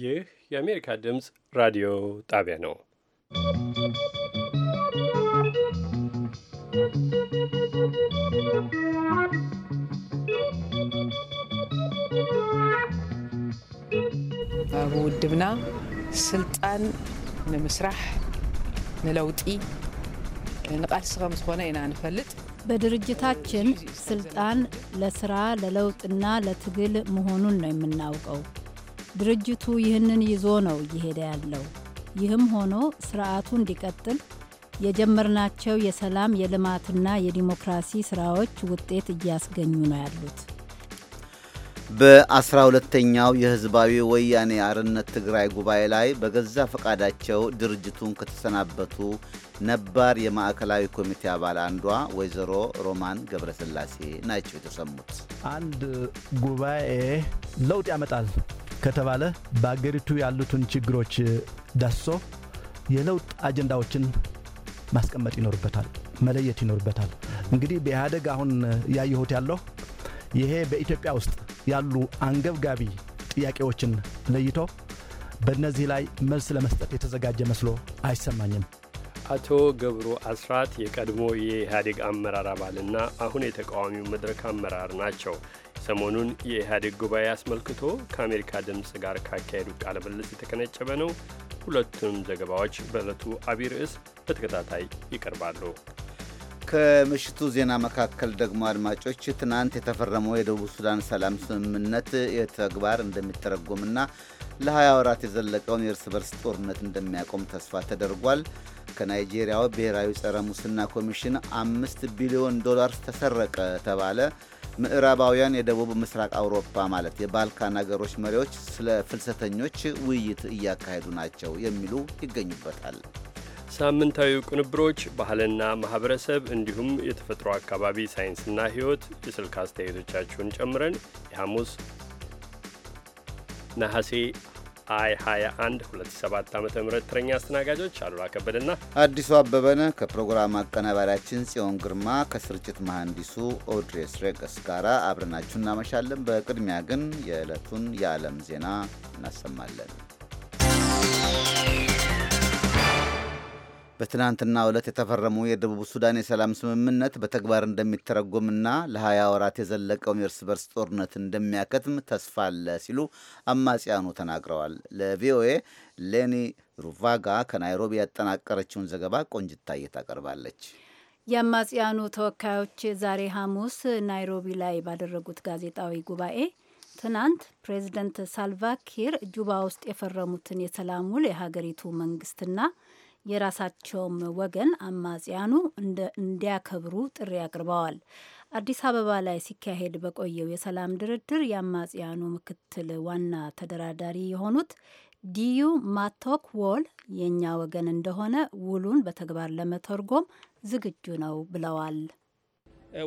ይህ የአሜሪካ ድምፅ ራዲዮ ጣቢያ ነው። ውድብና ስልጣን ንምስራሕ ንለውጢ ንቃልሲ ከም ዝኾነ ኢና ንፈልጥ በድርጅታችን ስልጣን ለስራ ለለውጥና ለትግል መሆኑን ነው የምናውቀው። ድርጅቱ ይህንን ይዞ ነው እየሄደ ያለው። ይህም ሆኖ ስርዓቱ እንዲቀጥል የጀመርናቸው የሰላም የልማትና የዲሞክራሲ ስራዎች ውጤት እያስገኙ ነው ያሉት በአስራ ሁለተኛው የህዝባዊ ወያኔ አርነት ትግራይ ጉባኤ ላይ በገዛ ፈቃዳቸው ድርጅቱን ከተሰናበቱ ነባር የማዕከላዊ ኮሚቴ አባል አንዷ ወይዘሮ ሮማን ገብረስላሴ ናቸው የተሰሙት። አንድ ጉባኤ ለውጥ ያመጣል ከተባለ በአገሪቱ ያሉትን ችግሮች ዳስሶ የለውጥ አጀንዳዎችን ማስቀመጥ ይኖርበታል፣ መለየት ይኖርበታል። እንግዲህ በኢህአደግ አሁን ያየሁት ያለው ይሄ በኢትዮጵያ ውስጥ ያሉ አንገብጋቢ ጥያቄዎችን ለይቶ በእነዚህ ላይ መልስ ለመስጠት የተዘጋጀ መስሎ አይሰማኝም። አቶ ገብሩ አስራት የቀድሞ የኢህአዴግ አመራር አባልና አሁን የተቃዋሚው መድረክ አመራር ናቸው። ሰሞኑን የኢህአዴግ ጉባኤ አስመልክቶ ከአሜሪካ ድምፅ ጋር ካካሄዱ ቃለ ምልልስ የተቀነጨበ ነው። ሁለቱም ዘገባዎች በዕለቱ አቢይ ርዕስ በተከታታይ ይቀርባሉ። ከምሽቱ ዜና መካከል ደግሞ አድማጮች ትናንት የተፈረመው የደቡብ ሱዳን ሰላም ስምምነት የተግባር እንደሚተረጎምና ለ20 ወራት የዘለቀውን የእርስ በርስ ጦርነት እንደሚያቆም ተስፋ ተደርጓል። ከናይጄሪያው ብሔራዊ ጸረ ሙስና ኮሚሽን አምስት ቢሊዮን ዶላር ተሰረቀ ተባለ። ምዕራባውያን የደቡብ ምስራቅ አውሮፓ ማለት የባልካን ሀገሮች መሪዎች ስለ ፍልሰተኞች ውይይት እያካሄዱ ናቸው የሚሉ ይገኙበታል። ሳምንታዊ ቅንብሮች፣ ባህልና ማህበረሰብ እንዲሁም የተፈጥሮ አካባቢ ሳይንስና ሕይወት የስልክ አስተያየቶቻችሁን ጨምረን የሐሙስ ነሐሴ አይ 21 2007 ዓ ም ተረኛ አስተናጋጆች አሉላ ከበደና አዲሱ አበበነ ከፕሮግራም አቀናባሪያችን ጽዮን ግርማ ከስርጭት መሐንዲሱ ኦድሬስ ሬቀስ ጋር አብረናችሁ እናመሻለን። በቅድሚያ ግን የዕለቱን የዓለም ዜና እናሰማለን። በትናንትና ዕለት የተፈረመው የደቡብ ሱዳን የሰላም ስምምነት በተግባር እንደሚተረጎምና ለ20 ወራት የዘለቀውን የእርስ በርስ ጦርነት እንደሚያከትም ተስፋ አለ ሲሉ አማጽያኑ ተናግረዋል። ለቪኦኤ ሌኒ ሩቫጋ ከናይሮቢ ያጠናቀረችውን ዘገባ ቆንጅታየ ታቀርባለች። የአማጽያኑ ተወካዮች ዛሬ ሐሙስ ናይሮቢ ላይ ባደረጉት ጋዜጣዊ ጉባኤ ትናንት ፕሬዚደንት ሳልቫኪር ጁባ ውስጥ የፈረሙትን የሰላም ውል የሀገሪቱ መንግስትና የራሳቸውም ወገን አማጽያኑ እንዲያከብሩ ጥሪ አቅርበዋል። አዲስ አበባ ላይ ሲካሄድ በቆየው የሰላም ድርድር የአማጽያኑ ምክትል ዋና ተደራዳሪ የሆኑት ዲዩ ማቶክ ዎል የእኛ ወገን እንደሆነ ውሉን በተግባር ለመተርጎም ዝግጁ ነው ብለዋል። uh,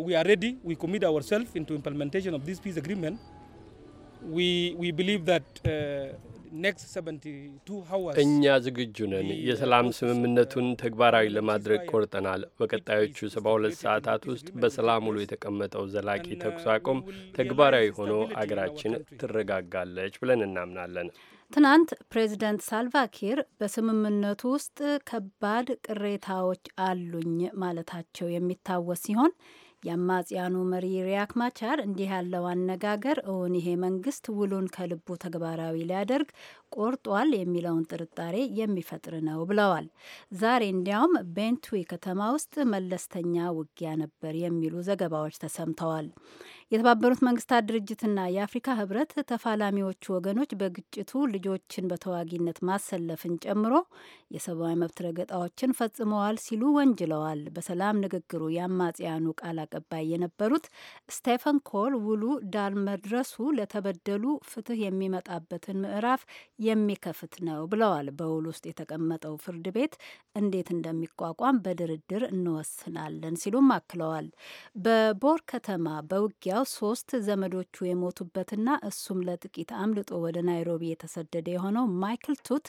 እኛ ዝግጁ ነን። የሰላም ስምምነቱን ተግባራዊ ለማድረግ ቆርጠናል። በቀጣዮቹ ሰባ ሁለት ሰዓታት ውስጥ በሰላም ውሎ የተቀመጠው ዘላቂ uh, ተኩስ አቁም ተግባራዊ ሆኖ አገራችን ትረጋጋለች ብለን እናምናለን። ትናንት ፕሬዚደንት ሳልቫኪር በስምምነቱ ውስጥ ከባድ ቅሬታዎች አሉኝ ማለታቸው የሚታወስ ሲሆን የአማጽያኑ መሪ ሪያክ ማቻር እንዲህ ያለው አነጋገር እውን ይሄ መንግስት ውሉን ከልቡ ተግባራዊ ሊያደርግ ቆርጧል የሚለውን ጥርጣሬ የሚፈጥር ነው ብለዋል። ዛሬ እንዲያውም ቤንቱዊ ከተማ ውስጥ መለስተኛ ውጊያ ነበር የሚሉ ዘገባዎች ተሰምተዋል። የተባበሩት መንግስታት ድርጅትና የአፍሪካ ህብረት ተፋላሚዎቹ ወገኖች በግጭቱ ልጆችን በተዋጊነት ማሰለፍን ጨምሮ የሰብአዊ መብት ረገጣዎችን ፈጽመዋል ሲሉ ወንጅለዋል። በሰላም ንግግሩ የአማጽያኑ ቃል አቀባይ የነበሩት ስቴፈን ኮል ውሉ ዳር መድረሱ ለተበደሉ ፍትህ የሚመጣበትን ምዕራፍ የሚከፍት ነው ብለዋል። በውል ውስጥ የተቀመጠው ፍርድ ቤት እንዴት እንደሚቋቋም በድርድር እንወስናለን ሲሉም አክለዋል። በቦር ከተማ በውጊያው የተነሳው ሶስት ዘመዶቹ የሞቱበትና እሱም ለጥቂት አምልጦ ወደ ናይሮቢ የተሰደደ የሆነው ማይክል ቱት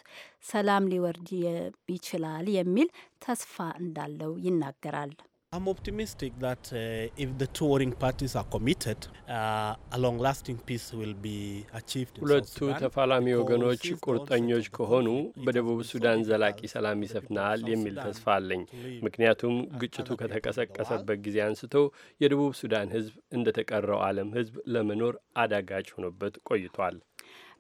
ሰላም ሊወርድ ይችላል የሚል ተስፋ እንዳለው ይናገራል። I'm optimistic that uh, if the two warring parties are committed, uh, a long-lasting peace will be achieved. ሁለቱ ተፋላሚ ወገኖች ቁርጠኞች ከሆኑ በደቡብ ሱዳን ዘላቂ ሰላም ይሰፍናል የሚል ተስፋ አለኝ። ምክንያቱም ግጭቱ ከተቀሰቀሰበት ጊዜ አንስቶ የደቡብ ሱዳን ሕዝብ እንደተቀረው ተቀረው ዓለም ሕዝብ ለመኖር አዳጋች ሆኖበት ቆይቷል።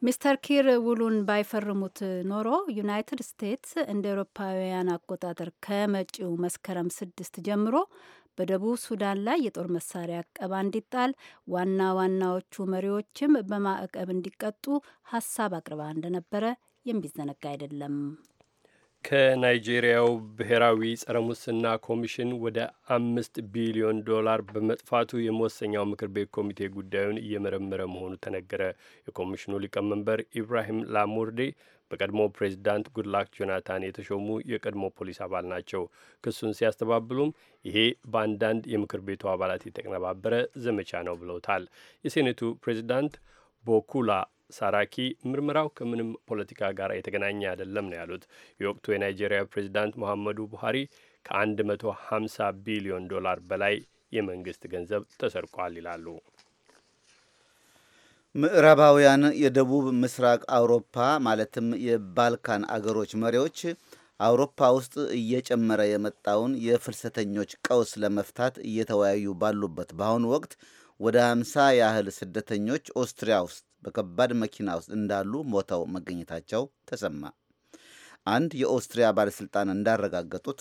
ሚስተር ኪር ውሉን ባይፈርሙት ኖሮ ዩናይትድ ስቴትስ እንደ ኤሮፓውያን አቆጣጠር ከመጪው መስከረም ስድስት ጀምሮ በደቡብ ሱዳን ላይ የጦር መሳሪያ አቀባ እንዲጣል ዋና ዋናዎቹ መሪዎችም በማዕቀብ እንዲቀጡ ሀሳብ አቅርባ እንደነበረ የሚዘነጋ አይደለም። ከናይጄሪያው ብሔራዊ ጸረ ሙስና ኮሚሽን ወደ አምስት ቢሊዮን ዶላር በመጥፋቱ የመወሰኛው ምክር ቤት ኮሚቴ ጉዳዩን እየመረመረ መሆኑ ተነገረ። የኮሚሽኑ ሊቀመንበር ኢብራሂም ላሞርዴ በቀድሞ ፕሬዚዳንት ጉድላክ ጆናታን የተሾሙ የቀድሞ ፖሊስ አባል ናቸው። ክሱን ሲያስተባብሉም ይሄ በአንዳንድ የምክር ቤቱ አባላት የተቀነባበረ ዘመቻ ነው ብለውታል። የሴኔቱ ፕሬዚዳንት ቦኩላ ሳራኪ ምርመራው ከምንም ፖለቲካ ጋር የተገናኘ አይደለም ነው ያሉት። የወቅቱ የናይጄሪያ ፕሬዚዳንት መሐመዱ ቡሃሪ ከ150 ቢሊዮን ዶላር በላይ የመንግስት ገንዘብ ተሰርቋል ይላሉ። ምዕራባውያን የደቡብ ምስራቅ አውሮፓ ማለትም የባልካን አገሮች መሪዎች አውሮፓ ውስጥ እየጨመረ የመጣውን የፍልሰተኞች ቀውስ ለመፍታት እየተወያዩ ባሉበት በአሁኑ ወቅት ወደ 50 ያህል ስደተኞች ኦስትሪያ ውስጥ በከባድ መኪና ውስጥ እንዳሉ ሞተው መገኘታቸው ተሰማ። አንድ የኦስትሪያ ባለሥልጣን እንዳረጋገጡት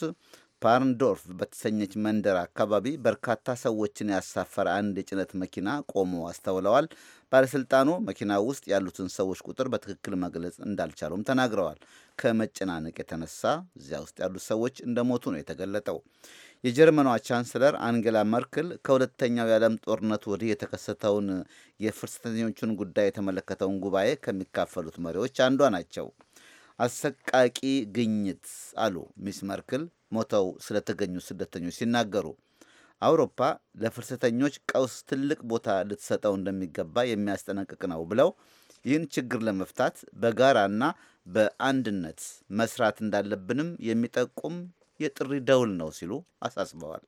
ፓርንዶርፍ በተሰኘች መንደር አካባቢ በርካታ ሰዎችን ያሳፈረ አንድ የጭነት መኪና ቆሞ አስተውለዋል። ባለሥልጣኑ መኪና ውስጥ ያሉትን ሰዎች ቁጥር በትክክል መግለጽ እንዳልቻሉም ተናግረዋል። ከመጨናነቅ የተነሳ እዚያ ውስጥ ያሉት ሰዎች እንደሞቱ ነው የተገለጠው። የጀርመኗ ቻንስለር አንጌላ መርክል ከሁለተኛው የዓለም ጦርነት ወዲህ የተከሰተውን የፍልሰተኞቹን ጉዳይ የተመለከተውን ጉባኤ ከሚካፈሉት መሪዎች አንዷ ናቸው። አሰቃቂ ግኝት አሉ ሚስ መርክል ሞተው ስለተገኙ ስደተኞች ሲናገሩ። አውሮፓ ለፍልሰተኞች ቀውስ ትልቅ ቦታ ልትሰጠው እንደሚገባ የሚያስጠነቅቅ ነው ብለው ይህን ችግር ለመፍታት በጋራና በአንድነት መስራት እንዳለብንም የሚጠቁም የጥሪ ደውል ነው ሲሉ አሳስበዋል።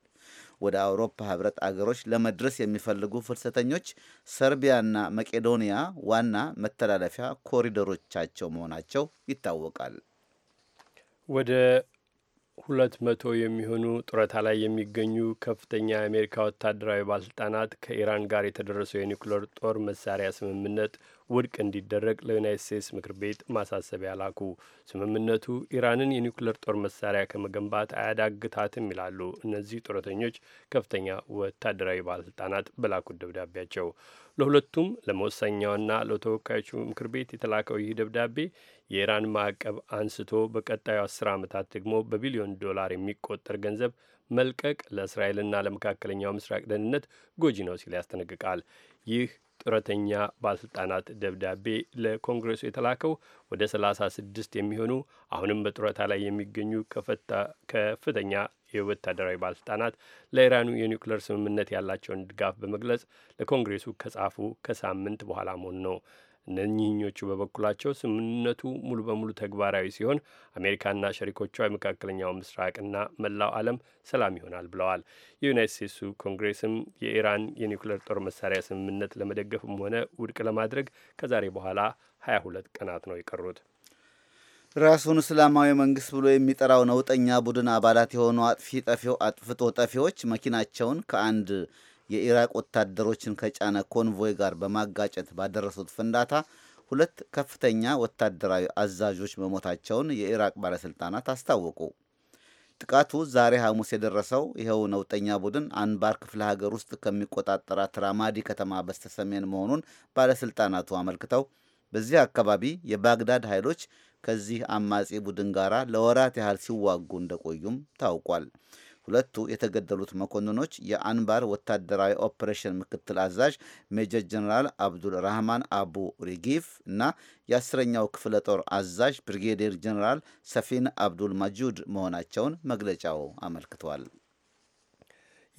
ወደ አውሮፓ ህብረት አገሮች ለመድረስ የሚፈልጉ ፍልሰተኞች ሰርቢያና መቄዶንያ ዋና መተላለፊያ ኮሪደሮቻቸው መሆናቸው ይታወቃል። ወደ ሁለት መቶ የሚሆኑ ጡረታ ላይ የሚገኙ ከፍተኛ የአሜሪካ ወታደራዊ ባለስልጣናት ከኢራን ጋር የተደረሰው የኒውክሌር ጦር መሳሪያ ስምምነት ውድቅ እንዲደረግ ለዩናይት ስቴትስ ምክር ቤት ማሳሰቢያ ላኩ። ስምምነቱ ኢራንን የኒውክሌር ጦር መሳሪያ ከመገንባት አያዳግታትም ይላሉ እነዚህ ጡረተኞች ከፍተኛ ወታደራዊ ባለስልጣናት በላኩት ደብዳቤያቸው። ለሁለቱም ለመወሰኛውና ለተወካዮቹ ምክር ቤት የተላከው ይህ ደብዳቤ የኢራን ማዕቀብ አንስቶ በቀጣዩ አስር ዓመታት ደግሞ በቢሊዮን ዶላር የሚቆጠር ገንዘብ መልቀቅ ለእስራኤልና ለመካከለኛው ምስራቅ ደህንነት ጎጂ ነው ሲል ያስጠነቅቃል። ይህ ጡረተኛ ባለስልጣናት ደብዳቤ ለኮንግሬሱ የተላከው ወደ 36 የሚሆኑ አሁንም በጡረታ ላይ የሚገኙ ከፍተኛ የወታደራዊ ባለስልጣናት ለኢራኑ የኒውክሌር ስምምነት ያላቸውን ድጋፍ በመግለጽ ለኮንግሬሱ ከጻፉ ከሳምንት በኋላ መሆኑ ነው። እነኚህኞቹ በበኩላቸው ስምምነቱ ሙሉ በሙሉ ተግባራዊ ሲሆን አሜሪካና ሸሪኮቿ የመካከለኛው ምስራቅና መላው ዓለም ሰላም ይሆናል ብለዋል። የዩናይት ስቴትሱ ኮንግሬስም የኢራን የኒውክሌር ጦር መሳሪያ ስምምነት ለመደገፍም ሆነ ውድቅ ለማድረግ ከዛሬ በኋላ 22 ቀናት ነው የቀሩት። ራሱን እስላማዊ መንግስት ብሎ የሚጠራው ነውጠኛ ቡድን አባላት የሆኑ አጥፊ ጠፊው አጥፍቶ ጠፊዎች መኪናቸውን ከአንድ የኢራቅ ወታደሮችን ከጫነ ኮንቮይ ጋር በማጋጨት ባደረሱት ፍንዳታ ሁለት ከፍተኛ ወታደራዊ አዛዦች መሞታቸውን የኢራቅ ባለሥልጣናት አስታወቁ። ጥቃቱ ዛሬ ሐሙስ የደረሰው ይኸው ነውጠኛ ቡድን አንባር ክፍለ ሀገር ውስጥ ከሚቆጣጠራት ራማዲ ከተማ በስተሰሜን መሆኑን ባለሥልጣናቱ አመልክተው በዚህ አካባቢ የባግዳድ ኃይሎች ከዚህ አማጺ ቡድን ጋር ለወራት ያህል ሲዋጉ እንደቆዩም ታውቋል። ሁለቱ የተገደሉት መኮንኖች የአንባር ወታደራዊ ኦፕሬሽን ምክትል አዛዥ ሜጀር ጀነራል አብዱል ራህማን አቡ ሪጊፍ እና የአስረኛው ክፍለ ጦር አዛዥ ብሪጌዴር ጀነራል ሰፊን አብዱል ማጁድ መሆናቸውን መግለጫው አመልክቷል።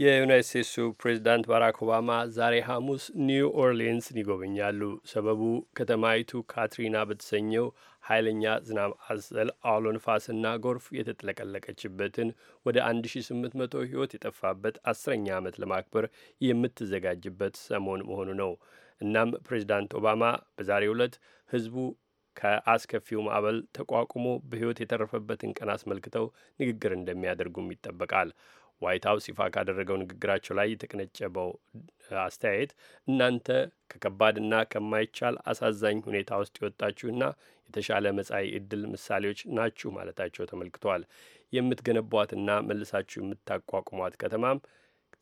የዩናይት ስቴትሱ ፕሬዚዳንት ባራክ ኦባማ ዛሬ ሐሙስ ኒው ኦርሊንስን ይጎበኛሉ። ሰበቡ ከተማይቱ ካትሪና በተሰኘው ኃይለኛ ዝናብ አዘል አውሎ ንፋስና ጎርፍ የተጥለቀለቀችበትን ወደ 1800 ሕይወት የጠፋበት አስረኛ ዓመት ለማክበር የምትዘጋጅበት ሰሞን መሆኑ ነው። እናም ፕሬዚዳንት ኦባማ በዛሬው ዕለት ህዝቡ ከአስከፊው ማዕበል ተቋቁሞ በሕይወት የተረፈበትን ቀን አስመልክተው ንግግር እንደሚያደርጉም ይጠበቃል። ዋይት ሀውስ ይፋ ካደረገው ንግግራቸው ላይ የተቀነጨበው አስተያየት እናንተ ከከባድና ከማይቻል አሳዛኝ ሁኔታ ውስጥ የወጣችሁና የተሻለ መጻኢ እድል ምሳሌዎች ናችሁ ማለታቸው ተመልክተዋል። የምትገነቧትና መልሳችሁ የምታቋቁሟት ከተማም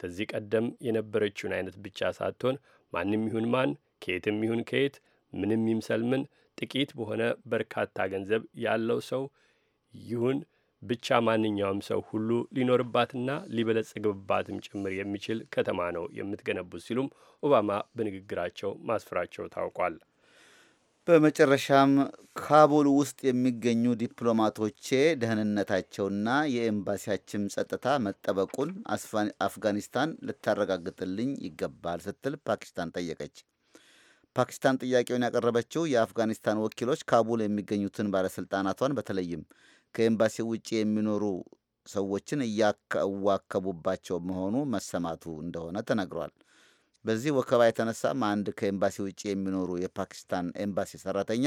ከዚህ ቀደም የነበረችውን አይነት ብቻ ሳትሆን ማንም ይሁን ማን ከየትም ይሁን ከየት ምንም ይምሰል ምን ጥቂት በሆነ በርካታ ገንዘብ ያለው ሰው ይሁን ብቻ ማንኛውም ሰው ሁሉ ሊኖርባትና ሊበለጽግባትም ጭምር የሚችል ከተማ ነው የምትገነቡት ሲሉም ኦባማ በንግግራቸው ማስፈራቸው ታውቋል። በመጨረሻም ካቡል ውስጥ የሚገኙ ዲፕሎማቶቼ ደህንነታቸውና የኤምባሲያችን ጸጥታ መጠበቁን አፍጋኒስታን ልታረጋግጥልኝ ይገባል ስትል ፓኪስታን ጠየቀች። ፓኪስታን ጥያቄውን ያቀረበችው የአፍጋኒስታን ወኪሎች ካቡል የሚገኙትን ባለሥልጣናቷን በተለይም ከኤምባሲው ውጭ የሚኖሩ ሰዎችን እያዋከቡባቸው መሆኑ መሰማቱ እንደሆነ ተነግሯል። በዚህ ወከባ የተነሳም አንድ ከኤምባሲ ውጭ የሚኖሩ የፓኪስታን ኤምባሲ ሰራተኛ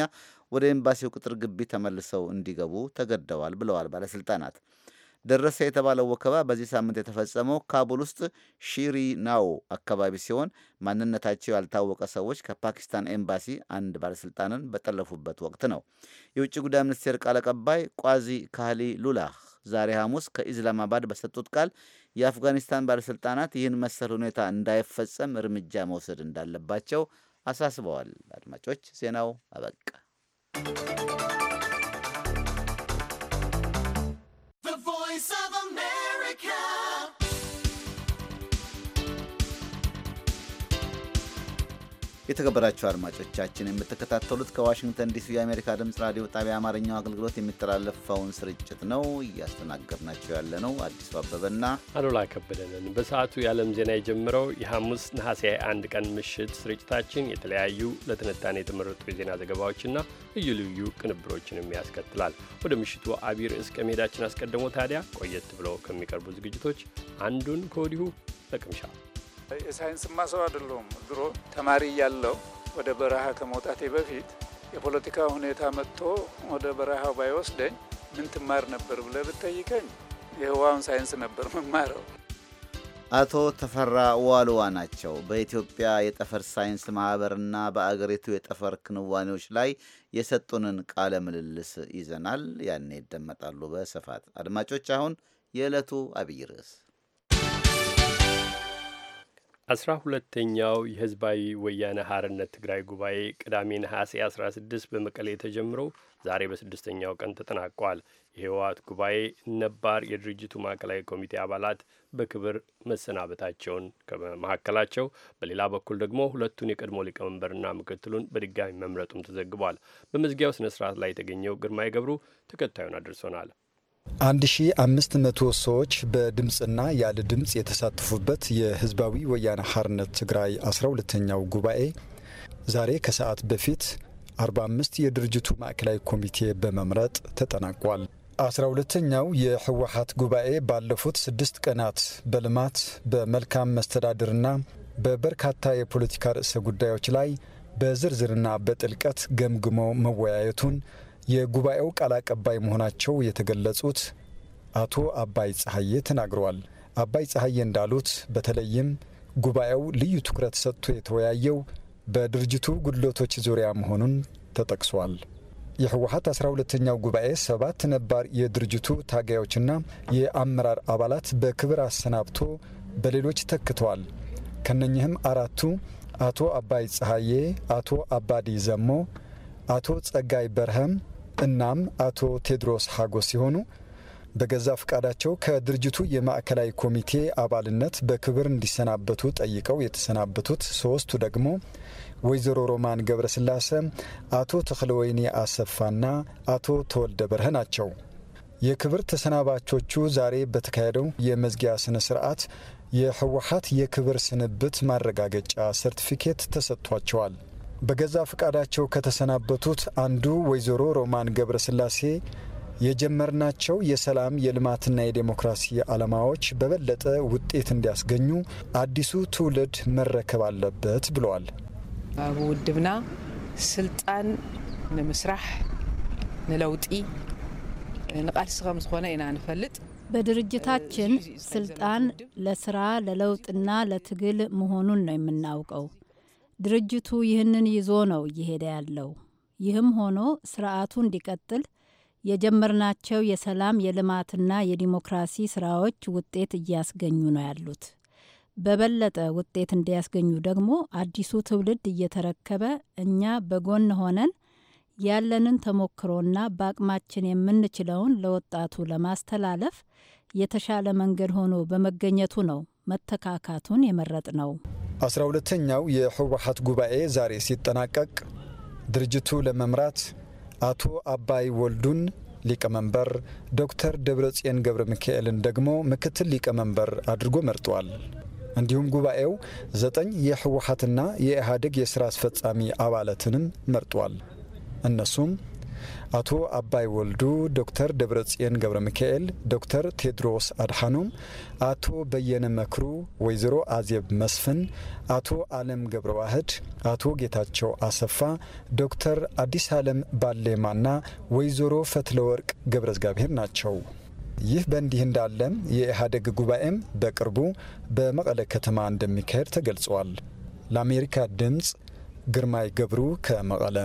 ወደ ኤምባሲው ቅጥር ግቢ ተመልሰው እንዲገቡ ተገደዋል ብለዋል ባለስልጣናት። ደረሰ የተባለው ወከባ በዚህ ሳምንት የተፈጸመው ካቡል ውስጥ ናው አካባቢ ሲሆን ማንነታቸው ያልታወቀ ሰዎች ከፓኪስታን ኤምባሲ አንድ ባለስልጣንን በጠለፉበት ወቅት ነው። የውጭ ጉዳይ ሚኒስቴር ቃል አቀባይ ቋዚ ካህሊ ሉላህ ዛሬ ሐሙስ ከኢስላማባድ በሰጡት ቃል የአፍጋኒስታን ባለስልጣናት ይህን መሰል ሁኔታ እንዳይፈጸም እርምጃ መውሰድ እንዳለባቸው አሳስበዋል። አድማጮች ዜናው አበቃ። የተከበራችሁ አድማጮቻችን የምትከታተሉት ከዋሽንግተን ዲሲ የአሜሪካ ድምፅ ራዲዮ ጣቢያ አማርኛው አገልግሎት የሚተላለፈውን ስርጭት ነው። እያስተናገድናቸው ያለ ነው አዲሱ አበበና አሉላ ከበደንን። በሰዓቱ የዓለም ዜና የጀምረው የሐሙስ ነሐሴ አንድ ቀን ምሽት ስርጭታችን የተለያዩ ለትንታኔ የተመረጡ የዜና ዘገባዎችና ልዩ ልዩ ቅንብሮችንም ያስከትላል። ወደ ምሽቱ አቢይ ርዕስ ከመሄዳችን አስቀድሞ ታዲያ ቆየት ብለው ከሚቀርቡ ዝግጅቶች አንዱን ከወዲሁ ለቅምሻ የሳይንስማ ሰው አይደለሁም። ድሮ ተማሪ እያለሁ ወደ በረሃ ከመውጣቴ በፊት የፖለቲካ ሁኔታ መጥቶ ወደ በረሃው ባይወስደኝ ምን ትማር ነበር ብለህ ብትጠይቀኝ የህዋውን ሳይንስ ነበር መማረው። አቶ ተፈራ ዋልዋ ናቸው። በኢትዮጵያ የጠፈር ሳይንስ ማኅበርና በአገሪቱ የጠፈር ክንዋኔዎች ላይ የሰጡንን ቃለ ምልልስ ይዘናል። ያኔ ይደመጣሉ በስፋት አድማጮች። አሁን የዕለቱ አብይ ርዕስ አስራ ሁለተኛው የህዝባዊ ወያነ ሀርነት ትግራይ ጉባኤ ቅዳሜ ነሐሴ 16 በመቀሌ ተጀምሮ ዛሬ በስድስተኛው ቀን ተጠናቋል። የህወሓት ጉባኤ ነባር የድርጅቱ ማዕከላዊ ኮሚቴ አባላት በክብር መሰናበታቸውን ከመካከላቸው፣ በሌላ በኩል ደግሞ ሁለቱን የቀድሞ ሊቀመንበርና ምክትሉን በድጋሚ መምረጡም ተዘግቧል። በመዝጊያው ስነ ስርዓት ላይ የተገኘው ግርማይ ገብሩ ተከታዩን አድርሶናል። አንድ ሺ 5መቶ ሰዎች በድምፅና ያለ ድምፅ የተሳተፉበት የህዝባዊ ወያነ ሐርነት ትግራይ አስራ ኛው ጉባኤ ዛሬ ከሰዓት በፊት አምስት የድርጅቱ ማዕከላዊ ኮሚቴ በመምረጥ ተጠናቋል አስራ ሁለተኛው የህወሀት ጉባኤ ባለፉት ስድስት ቀናት በልማት በመልካም መስተዳድርና በበርካታ የፖለቲካ ርዕሰ ጉዳዮች ላይ በዝርዝርና በጥልቀት ገምግሞ መወያየቱን የጉባኤው ቃል አቀባይ መሆናቸው የተገለጹት አቶ አባይ ጸሐዬ ተናግረዋል። አባይ ፀሐዬ እንዳሉት በተለይም ጉባኤው ልዩ ትኩረት ሰጥቶ የተወያየው በድርጅቱ ጉድለቶች ዙሪያ መሆኑን ተጠቅሷል። የህወሀት 12 ሁለተኛው ጉባኤ ሰባት ነባር የድርጅቱ ታጋዮችና የአመራር አባላት በክብር አሰናብቶ በሌሎች ተክተዋል። ከነኚህም አራቱ አቶ አባይ ፀሐዬ አቶ አባዲ ዘሞ፣ አቶ ጸጋይ በርሀም እናም አቶ ቴድሮስ ሀጎስ ሲሆኑ በገዛ ፈቃዳቸው ከድርጅቱ የማዕከላዊ ኮሚቴ አባልነት በክብር እንዲሰናበቱ ጠይቀው የተሰናበቱት ሶስቱ ደግሞ ወይዘሮ ሮማን ገብረስላሴ፣ አቶ ተክለወይኒ አሰፋና አቶ ተወልደ በርህ ናቸው። የክብር ተሰናባቾቹ ዛሬ በተካሄደው የመዝጊያ ስነ ስርዓት የህወሀት የክብር ስንብት ማረጋገጫ ሰርቲፊኬት ተሰጥቷቸዋል። በገዛ ፈቃዳቸው ከተሰናበቱት አንዱ ወይዘሮ ሮማን ገብረስላሴ የጀመርናቸው የሰላም የልማትና የዴሞክራሲ ዓላማዎች በበለጠ ውጤት እንዲያስገኙ አዲሱ ትውልድ መረከብ አለበት ብለዋል። ኣብ ውድብና ስልጣን ንምስራሕ ንለውጢ ንቃልሲ ከም ዝኾነ ኢና ንፈልጥ። በድርጅታችን ስልጣን ለስራ ለለውጥና ለትግል መሆኑን ነው የምናውቀው። ድርጅቱ ይህንን ይዞ ነው እየሄደ ያለው። ይህም ሆኖ ስርዓቱ እንዲቀጥል የጀመርናቸው የሰላም የልማትና የዲሞክራሲ ስራዎች ውጤት እያስገኙ ነው ያሉት። በበለጠ ውጤት እንዲያስገኙ ደግሞ አዲሱ ትውልድ እየተረከበ እኛ በጎን ሆነን ያለንን ተሞክሮና በአቅማችን የምንችለውን ለወጣቱ ለማስተላለፍ የተሻለ መንገድ ሆኖ በመገኘቱ ነው መተካካቱን የመረጥ ነው። አስራ ሁለተኛው የህወሀት ጉባኤ ዛሬ ሲጠናቀቅ ድርጅቱ ለመምራት አቶ አባይ ወልዱን ሊቀመንበር ዶክተር ደብረጽዮን ገብረ ሚካኤልን ደግሞ ምክትል ሊቀመንበር አድርጎ መርጧል። እንዲሁም ጉባኤው ዘጠኝ የህወሀትና የኢህአዴግ የሥራ አስፈጻሚ አባላትንም መርጧል። እነሱም አቶ አባይ ወልዱ፣ ዶክተር ደብረጽዮን ገብረ ሚካኤል፣ ዶክተር ቴድሮስ አድሓኖም፣ አቶ በየነ መክሩ፣ ወይዘሮ አዜብ መስፍን፣ አቶ አለም ገብረ ዋህድ፣ አቶ ጌታቸው አሰፋ፣ ዶክተር አዲስ አለም ባሌማና ወይዘሮ ፈትለወርቅ ገብረ እግዚአብሔር ናቸው። ይህ በእንዲህ እንዳለም የኢህአዴግ ጉባኤም በቅርቡ በመቀለ ከተማ እንደሚካሄድ ተገልጿል። ለአሜሪካ ድምፅ ግርማይ ገብሩ ከመቀለ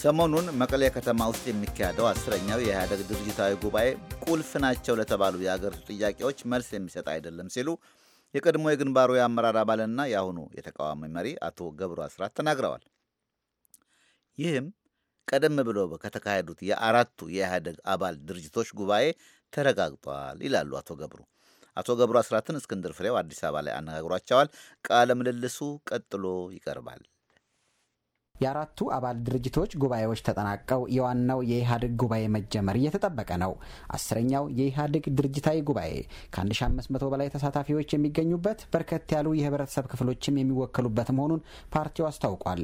ሰሞኑን መቀሌ ከተማ ውስጥ የሚካሄደው አስረኛው የኢህአደግ ድርጅታዊ ጉባኤ ቁልፍ ናቸው ለተባሉ የአገሪቱ ጥያቄዎች መልስ የሚሰጥ አይደለም ሲሉ የቀድሞ የግንባሩ የአመራር አባልና የአሁኑ የተቃዋሚ መሪ አቶ ገብሩ አስራት ተናግረዋል። ይህም ቀደም ብሎ ከተካሄዱት የአራቱ የኢህአደግ አባል ድርጅቶች ጉባኤ ተረጋግጧል ይላሉ አቶ ገብሩ። አቶ ገብሩ አስራትን እስክንድር ፍሬው አዲስ አበባ ላይ አነጋግሯቸዋል። ቃለ ምልልሱ ቀጥሎ ይቀርባል። የአራቱ አባል ድርጅቶች ጉባኤዎች ተጠናቀው የዋናው የኢህአዴግ ጉባኤ መጀመር እየተጠበቀ ነው። አስረኛው የኢህአዴግ ድርጅታዊ ጉባኤ ከ1500 በላይ ተሳታፊዎች የሚገኙበት በርከት ያሉ የህብረተሰብ ክፍሎችም የሚወከሉበት መሆኑን ፓርቲው አስታውቋል።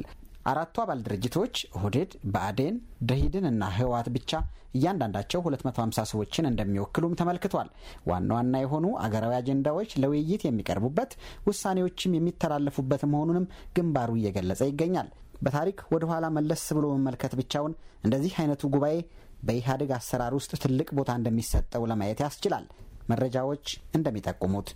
አራቱ አባል ድርጅቶች ኦህዴድ፣ ብአዴን፣ ደኢህዴን እና ህወሓት ብቻ እያንዳንዳቸው 250 ሰዎችን እንደሚወክሉም ተመልክቷል። ዋና ዋና የሆኑ አገራዊ አጀንዳዎች ለውይይት የሚቀርቡበት ውሳኔዎችም የሚተላለፉበት መሆኑንም ግንባሩ እየገለጸ ይገኛል። በታሪክ ወደ ኋላ መለስ ብሎ መመልከት ብቻውን እንደዚህ አይነቱ ጉባኤ በኢህአዴግ አሰራር ውስጥ ትልቅ ቦታ እንደሚሰጠው ለማየት ያስችላል። መረጃዎች እንደሚጠቁሙት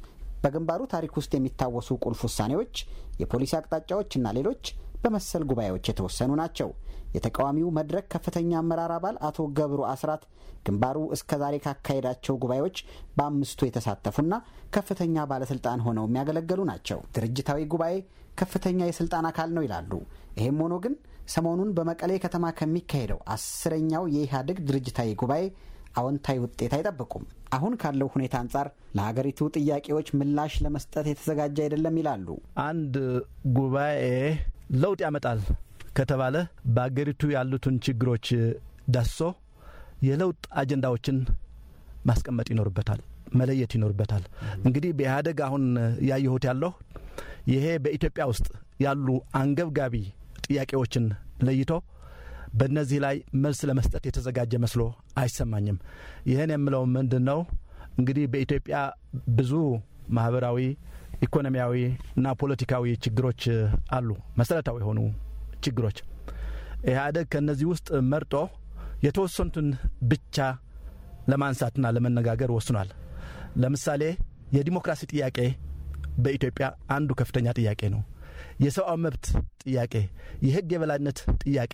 በግንባሩ ታሪክ ውስጥ የሚታወሱ ቁልፍ ውሳኔዎች፣ የፖሊሲ አቅጣጫዎችና ሌሎች በመሰል ጉባኤዎች የተወሰኑ ናቸው። የተቃዋሚው መድረክ ከፍተኛ አመራር አባል አቶ ገብሩ አስራት ግንባሩ እስከ ዛሬ ካካሄዳቸው ጉባኤዎች በአምስቱ የተሳተፉና ከፍተኛ ባለስልጣን ሆነው የሚያገለገሉ ናቸው። ድርጅታዊ ጉባኤ ከፍተኛ የስልጣን አካል ነው ይላሉ። ይህም ሆኖ ግን ሰሞኑን በመቀሌ ከተማ ከሚካሄደው አስረኛው የኢህአዴግ ድርጅታዊ ጉባኤ አዎንታዊ ውጤት አይጠብቁም። አሁን ካለው ሁኔታ አንጻር ለሀገሪቱ ጥያቄዎች ምላሽ ለመስጠት የተዘጋጀ አይደለም ይላሉ። አንድ ጉባኤ ለውጥ ያመጣል ከተባለ በሀገሪቱ ያሉትን ችግሮች ዳሶ የለውጥ አጀንዳዎችን ማስቀመጥ ይኖርበታል፣ መለየት ይኖርበታል። እንግዲህ በኢህአዴግ አሁን ያየሁት ያለው ይሄ በኢትዮጵያ ውስጥ ያሉ አንገብጋቢ ጥያቄዎችን ለይቶ በእነዚህ ላይ መልስ ለመስጠት የተዘጋጀ መስሎ አይሰማኝም። ይህን የምለው ምንድን ነው እንግዲህ በኢትዮጵያ ብዙ ማህበራዊ፣ ኢኮኖሚያዊ እና ፖለቲካዊ ችግሮች አሉ፣ መሰረታዊ የሆኑ ችግሮች። ኢህአዴግ ከእነዚህ ውስጥ መርጦ የተወሰኑትን ብቻ ለማንሳትና ለመነጋገር ወስኗል። ለምሳሌ የዲሞክራሲ ጥያቄ በኢትዮጵያ አንዱ ከፍተኛ ጥያቄ ነው። የሰብአዊ መብት ጥያቄ፣ የህግ የበላይነት ጥያቄ፣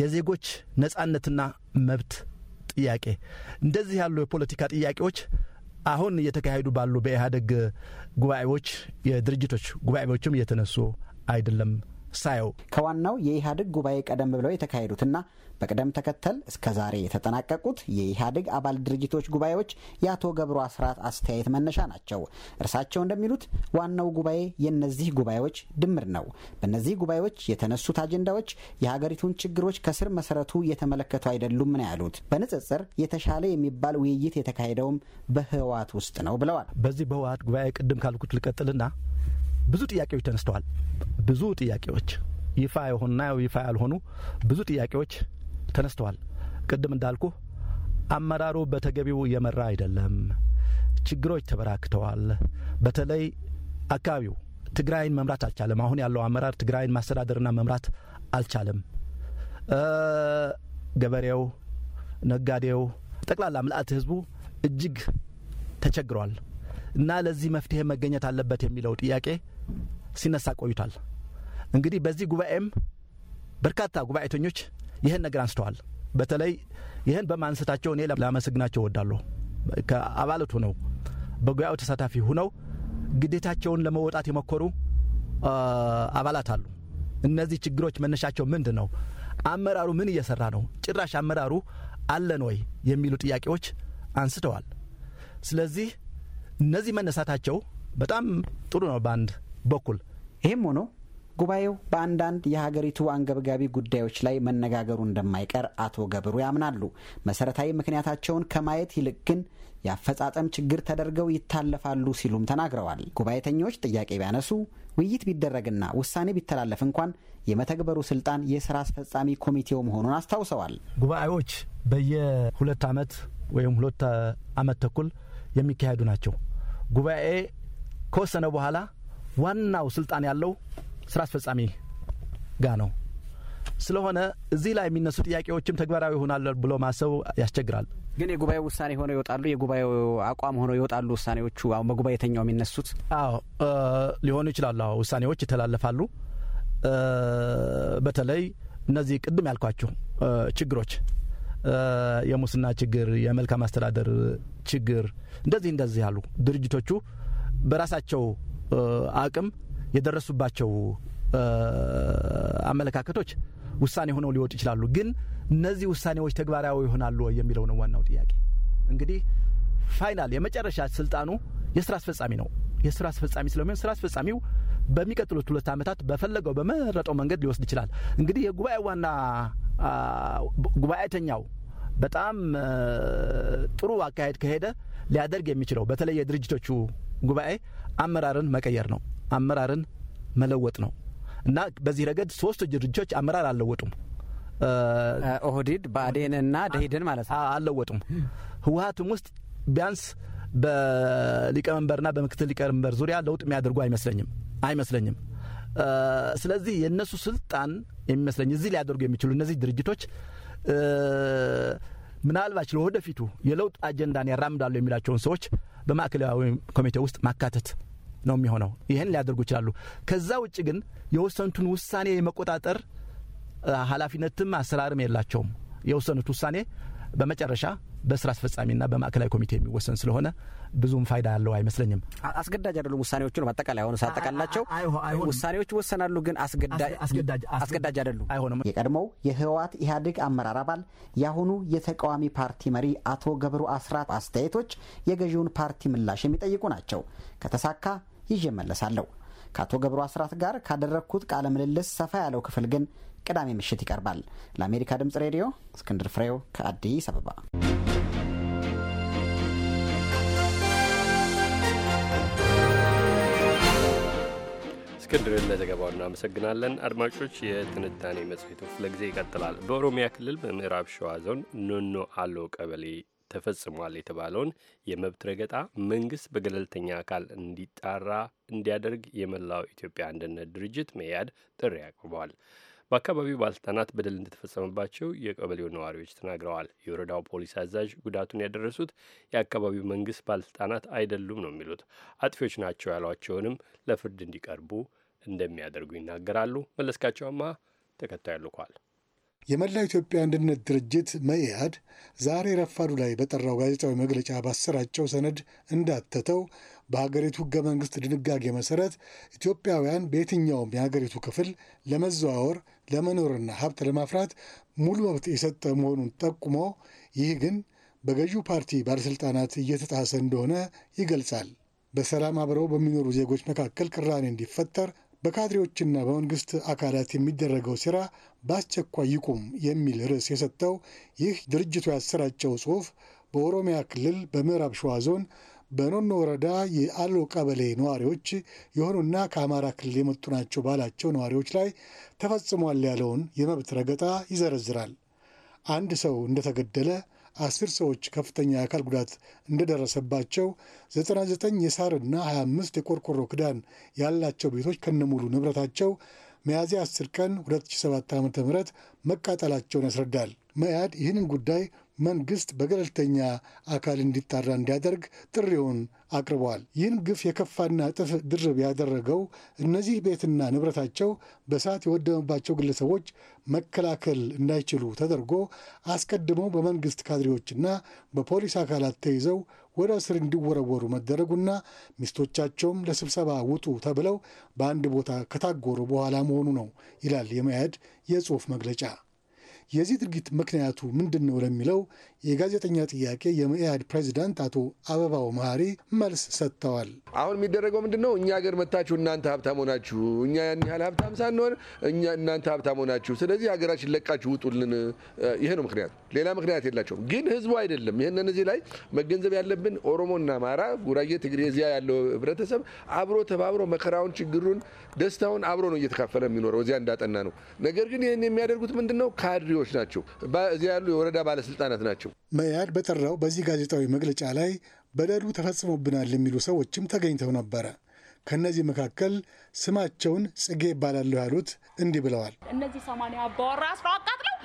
የዜጎች ነጻነትና መብት ጥያቄ እንደዚህ ያሉ የፖለቲካ ጥያቄዎች አሁን እየተካሄዱ ባሉ በኢህአደግ ጉባኤዎች የድርጅቶች ጉባኤዎችም እየተነሱ አይደለም። ሳየው ከዋናው የኢህአዴግ ጉባኤ ቀደም ብለው የተካሄዱትና በቅደም ተከተል እስከ ዛሬ የተጠናቀቁት የኢህአዴግ አባል ድርጅቶች ጉባኤዎች የአቶ ገብሩ አስራት አስተያየት መነሻ ናቸው። እርሳቸው እንደሚሉት ዋናው ጉባኤ የእነዚህ ጉባኤዎች ድምር ነው። በእነዚህ ጉባኤዎች የተነሱት አጀንዳዎች የሀገሪቱን ችግሮች ከስር መሰረቱ የተመለከቱ አይደሉም ነው ያሉት። በንጽጽር የተሻለ የሚባል ውይይት የተካሄደውም በህወሓት ውስጥ ነው ብለዋል። በዚህ በህወሓት ጉባኤ ቅድም ካልኩት ልቀጥልና ብዙ ጥያቄዎች ተነስተዋል። ብዙ ጥያቄዎች ይፋ የሆኑና ይፋ ያልሆኑ ብዙ ጥያቄዎች ተነስተዋል። ቅድም እንዳልኩ አመራሩ በተገቢው እየመራ አይደለም። ችግሮች ተበራክተዋል። በተለይ አካባቢው ትግራይን መምራት አልቻለም። አሁን ያለው አመራር ትግራይን ማስተዳደርና መምራት አልቻለም። ገበሬው፣ ነጋዴው፣ ጠቅላላ ምልአት ህዝቡ እጅግ ተቸግሯል እና ለዚህ መፍትሄ መገኘት አለበት የሚለው ጥያቄ ሲነሳ ቆይቷል። እንግዲህ በዚህ ጉባኤም በርካታ ጉባኤተኞች ይህን ነገር አንስተዋል። በተለይ ይህን በማንስታቸው እኔ ላመሰግናቸው እወዳለሁ። ከአባላት ሆነው በጉባኤው ተሳታፊ ሁነው ግዴታቸውን ለመወጣት የሞከሩ አባላት አሉ። እነዚህ ችግሮች መነሻቸው ምንድን ነው? አመራሩ ምን እየሰራ ነው? ጭራሽ አመራሩ አለን ወይ የሚሉ ጥያቄዎች አንስተዋል። ስለዚህ እነዚህ መነሳታቸው በጣም ጥሩ ነው በአንድ በኩል። ይህም ሆኖ ጉባኤው በአንዳንድ የሀገሪቱ አንገብጋቢ ጉዳዮች ላይ መነጋገሩ እንደማይቀር አቶ ገብሩ ያምናሉ። መሰረታዊ ምክንያታቸውን ከማየት ይልቅ ግን የአፈጻጸም ችግር ተደርገው ይታለፋሉ ሲሉም ተናግረዋል። ጉባኤተኞች ጥያቄ ቢያነሱ ውይይት ቢደረግና ውሳኔ ቢተላለፍ እንኳን የመተግበሩ ስልጣን የስራ አስፈጻሚ ኮሚቴው መሆኑን አስታውሰዋል። ጉባኤዎች በየሁለት ዓመት ወይም ሁለት ዓመት ተኩል የሚካሄዱ ናቸው። ጉባኤ ከወሰነ በኋላ ዋናው ስልጣን ያለው ስራ አስፈጻሚ ጋ ነው። ስለሆነ እዚህ ላይ የሚነሱ ጥያቄዎችም ተግባራዊ ይሆናል ብሎ ማሰብ ያስቸግራል። ግን የጉባኤው ውሳኔ ሆነው ይወጣሉ። የጉባኤው አቋም ሆነው ይወጣሉ። ውሳኔዎቹ አሁን በጉባኤተኛው የሚነሱት አዎ ሊሆኑ ይችላሉ። ውሳኔዎች ይተላለፋሉ። በተለይ እነዚህ ቅድም ያልኳቸው ችግሮች የሙስና ችግር፣ የመልካም አስተዳደር ችግር እንደዚህ እንደዚህ ያሉ ድርጅቶቹ በራሳቸው አቅም የደረሱባቸው አመለካከቶች ውሳኔ ሆነው ሊወጡ ይችላሉ። ግን እነዚህ ውሳኔዎች ተግባራዊ ይሆናሉ የሚለው ነው ዋናው ጥያቄ። እንግዲህ ፋይናል የመጨረሻ ስልጣኑ የስራ አስፈጻሚ ነው። የስራ አስፈጻሚ ስለሚሆን ስራ አስፈጻሚው በሚቀጥሉት ሁለት ዓመታት በፈለገው በመረጠው መንገድ ሊወስድ ይችላል። እንግዲህ የጉባኤ ዋና ጉባኤተኛው በጣም ጥሩ አካሄድ ከሄደ ሊያደርግ የሚችለው በተለይ የድርጅቶቹ ጉባኤ አመራርን መቀየር ነው፣ አመራርን መለወጥ ነው እና በዚህ ረገድ ሶስቱ ድርጅቶች አመራር አልለወጡም። ኦህዲድ፣ ብአዴን እና ደኢህዴን ማለት ነው። አልለወጡም። ህወሀትም ውስጥ ቢያንስ በሊቀመንበርና በምክትል ሊቀመንበር ዙሪያ ለውጥ የሚያደርጉ አይመስለኝም አይመስለኝም። ስለዚህ የእነሱ ስልጣን የሚመስለኝ እዚህ ሊያደርጉ የሚችሉ እነዚህ ድርጅቶች ምናልባት ለወደፊቱ የለውጥ አጀንዳን ያራምዳሉ የሚላቸውን ሰዎች በማዕከላዊ ኮሚቴ ውስጥ ማካተት ነው የሚሆነው። ይህን ሊያደርጉ ይችላሉ። ከዛ ውጭ ግን የወሰኑትን ውሳኔ የመቆጣጠር ኃላፊነትም አሰራርም የላቸውም። የወሰኑት ውሳኔ በመጨረሻ በስራ አስፈጻሚና በማዕከላዊ ኮሚቴ የሚወሰን ስለሆነ ብዙም ፋይዳ ያለው አይመስለኝም። አስገዳጅ አይደሉም ውሳኔዎቹ ነው አጠቃላይ አሁኑ ሳጠቃላቸው ውሳኔዎቹ ወሰናሉ፣ ግን አስገዳጅ አይደሉም። አይሆንም። የቀድሞው የህወሓት ኢህአዴግ አመራር አባል የአሁኑ የተቃዋሚ ፓርቲ መሪ አቶ ገብሩ አስራት አስተያየቶች የገዢውን ፓርቲ ምላሽ የሚጠይቁ ናቸው። ከተሳካ ይዤ መለሳለሁ። ከአቶ ገብሩ አስራት ጋር ካደረግኩት ቃለ ምልልስ ሰፋ ያለው ክፍል ግን ቅዳሜ ምሽት ይቀርባል። ለአሜሪካ ድምፅ ሬዲዮ እስክንድር ፍሬው ከአዲስ አበባ እስክንድርን ለዘገባው እናመሰግናለን። አድማጮች የትንታኔ መጽሔቱ ክፍለ ጊዜ ይቀጥላል። በኦሮሚያ ክልል በምዕራብ ሸዋ ዞን ኖኖ አሎ ቀበሌ ተፈጽሟል የተባለውን የመብት ረገጣ መንግስት በገለልተኛ አካል እንዲጣራ እንዲያደርግ የመላው ኢትዮጵያ አንድነት ድርጅት መያድ ጥሪ አቅርበዋል። በአካባቢው ባለስልጣናት በደል እንደተፈጸመባቸው የቀበሌው ነዋሪዎች ተናግረዋል። የወረዳው ፖሊስ አዛዥ ጉዳቱን ያደረሱት የአካባቢው መንግስት ባለስልጣናት አይደሉም ነው የሚሉት። አጥፊዎች ናቸው ያሏቸውንም ለፍርድ እንዲቀርቡ እንደሚያደርጉ ይናገራሉ። መለስካቸውማ ተከታዩ ልኳል። የመላው ኢትዮጵያ አንድነት ድርጅት መኢአድ ዛሬ ረፋዱ ላይ በጠራው ጋዜጣዊ መግለጫ ባሰራጨው ሰነድ እንዳተተው በሀገሪቱ ህገ መንግስት ድንጋጌ መሰረት ኢትዮጵያውያን በየትኛውም የሀገሪቱ ክፍል ለመዘዋወር ለመኖርና ሀብት ለማፍራት ሙሉ መብት የሰጠ መሆኑን ጠቁሞ ይህ ግን በገዢው ፓርቲ ባለሥልጣናት እየተጣሰ እንደሆነ ይገልጻል። በሰላም አብረው በሚኖሩ ዜጎች መካከል ቅራኔ እንዲፈጠር በካድሬዎችና በመንግስት አካላት የሚደረገው ሥራ በአስቸኳይ ይቁም የሚል ርዕስ የሰጠው ይህ ድርጅቱ ያሰራጨው ጽሑፍ በኦሮሚያ ክልል በምዕራብ ሸዋ ዞን በኖኖ ወረዳ የአሎ ቀበሌ ነዋሪዎች የሆኑና ከአማራ ክልል የመጡ ናቸው ባላቸው ነዋሪዎች ላይ ተፈጽሟል ያለውን የመብት ረገጣ ይዘረዝራል። አንድ ሰው እንደተገደለ፣ አስር ሰዎች ከፍተኛ የአካል ጉዳት እንደደረሰባቸው፣ 99 የሳርና 25 የቆርቆሮ ክዳን ያላቸው ቤቶች ከነሙሉ ንብረታቸው ሚያዝያ 10 ቀን 2007 ዓ.ም መቃጠላቸውን ያስረዳል። መያድ ይህንን ጉዳይ መንግስት በገለልተኛ አካል እንዲጣራ እንዲያደርግ ጥሪውን አቅርቧል። ይህን ግፍ የከፋና እጥፍ ድርብ ያደረገው እነዚህ ቤትና ንብረታቸው በእሳት የወደመባቸው ግለሰቦች መከላከል እንዳይችሉ ተደርጎ አስቀድመው በመንግስት ካድሬዎችና በፖሊስ አካላት ተይዘው ወደ እስር እንዲወረወሩ መደረጉና ሚስቶቻቸውም ለስብሰባ ውጡ ተብለው በአንድ ቦታ ከታጎሩ በኋላ መሆኑ ነው ይላል የመያድ የጽሑፍ መግለጫ። የዚህ ድርጊት ምክንያቱ ምንድን ነው ለሚለው የጋዜጠኛ ጥያቄ የመኢአድ ፕሬዚዳንት አቶ አበባው መሀሪ መልስ ሰጥተዋል። አሁን የሚደረገው ምንድን ነው? እኛ ሀገር መታችሁ እናንተ ሀብታም ሆናችሁ፣ እኛ ያን ያህል ሀብታም ሳንሆን እኛ እናንተ ሀብታም ሆናችሁ፣ ስለዚህ ሀገራችን ለቃችሁ ውጡልን። ይሄ ነው ምክንያት፣ ሌላ ምክንያት የላቸውም። ግን ህዝቡ አይደለም። ይህንን እዚህ ላይ መገንዘብ ያለብን ኦሮሞና አማራ፣ ጉራጌ፣ ትግሬ፣ እዚያ ያለው ህብረተሰብ አብሮ ተባብሮ መከራውን፣ ችግሩን፣ ደስታውን አብሮ ነው እየተካፈለ የሚኖረው እዚያ እንዳጠና ነው። ነገር ግን ይህን የሚያደርጉት ምንድን ነው? ካድሬዎች ናቸው። እዚያ ያሉ የወረዳ ባለስልጣናት ናቸው። መያድ በጠራው በዚህ ጋዜጣዊ መግለጫ ላይ በደሉ ተፈጽሞብናል የሚሉ ሰዎችም ተገኝተው ነበረ። ከእነዚህ መካከል ስማቸውን ጽጌ ይባላለሁ ያሉት እንዲህ ብለዋል። እነዚህ ሰማንያ አባወራ አስራ አቃጥለው፣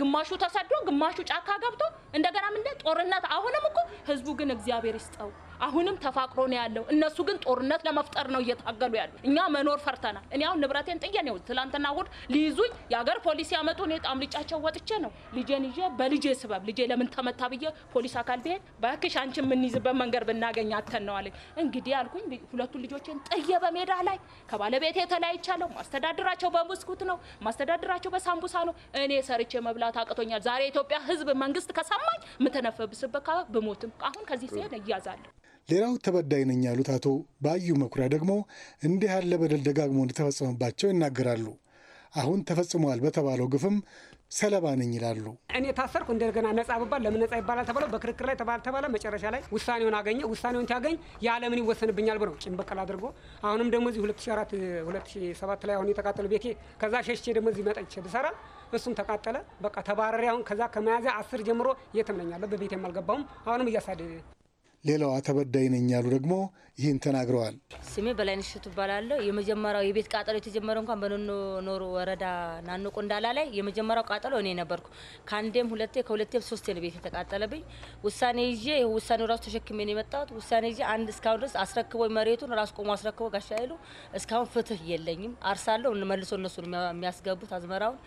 ግማሹ ተሰዶ፣ ግማሹ ጫካ ገብቶ እንደገና ምንድን ጦርነት አሁንም እኮ ህዝቡ ግን እግዚአብሔር ይስጠው አሁንም ተፋቅሮ ነው ያለው። እነሱ ግን ጦርነት ለመፍጠር ነው እየታገሉ ያሉ። እኛ መኖር ፈርተናል። እኔ አሁን ንብረቴን ጥዬ ነው ትላንትና እሑድ ሊይዙኝ የሀገር ፖሊስ ያመጡ። እኔ ጣምልጫቸው ወጥቼ ነው ልጄን ይዤ በልጄ ስበብ ልጄ ለምን ተመታ ብዬ ፖሊስ አካል ብሄድ በክሽ አንቺ የምንይዝበት መንገድ ብናገኝ አተን ነው አለኝ። እንግዲህ አልኩኝ ሁለቱን ልጆቼን ጥዬ በሜዳ ላይ ከባለቤቴ ተለያይቻለሁ። ማስተዳድራቸው በብስኩት ነው ማስተዳድራቸው በሳምቡሳ ነው። እኔ ሰርቼ መብላት አቅቶኛል። ዛሬ የኢትዮጵያ ህዝብ መንግስት ከሰማኝ የምተነፈብስበት ብሞትም አሁን ከዚህ ሲሄድ እያዛለሁ። ሌላው ተበዳይ ነኝ ያሉት አቶ ባዩ መኩሪያ ደግሞ እንዲህ ያለ በደል ደጋግሞ እንደተፈጸመባቸው ይናገራሉ። አሁን ተፈጽመዋል በተባለው ግፍም ሰለባ ነኝ ይላሉ። እኔ ታሰርኩ እንደገና ነጻ ብባል ለምን ነጻ ይባላል ተባለው። በክርክር ላይ ተባለ ተባለ መጨረሻ ላይ ውሳኔውን አገኘ። ውሳኔውን ሲያገኝ የዓለምን ይወሰንብኛል ብለው ጭን አድርጎ አሁንም ደግሞ እዚህ 2004 2007 ላይ አሁን የተቃጠሉ ቤቴ ከዛ ሸሽቼ ደግሞ እዚህ መጠቼ ብሰራ እሱም ተቃጠለ። በቃ ተባረሪ። አሁን ከዛ ከመያዚያ አስር ጀምሮ የትም ነኝ አለ። በቤቴም አልገባሁም። አሁንም እያሳደ ሌላዋ ተበዳይ ነኝ ያሉ ደግሞ ይህን ተናግረዋል። ስሜ በላይነሽ እሸቱ እባላለሁ። የመጀመሪያው የቤት ቃጠሎ የተጀመረው እንኳን በኖኖ ኖሮ ወረዳ ናኖ ቆንዳላ ላይ የመጀመሪያው ቃጠሎ እኔ ነበርኩ። ከአንዴም ሁለቴ ከሁለቴም ሶስቴ ነው ቤት የተቃጠለብኝ። ውሳኔ ይዤ ውሳኔ ራሱ ተሸክሜ ነው የመጣሁት። ውሳኔ ይዤ አንድ እስካሁን ድረስ አስረክቦ መሬቱን ራሱ ቆሞ አስረክቦ ጋሻ ይሉ እስካሁን ፍትህ የለኝም። አርሳለሁ መልሶ እነሱን የሚያስገቡት አዝመራውን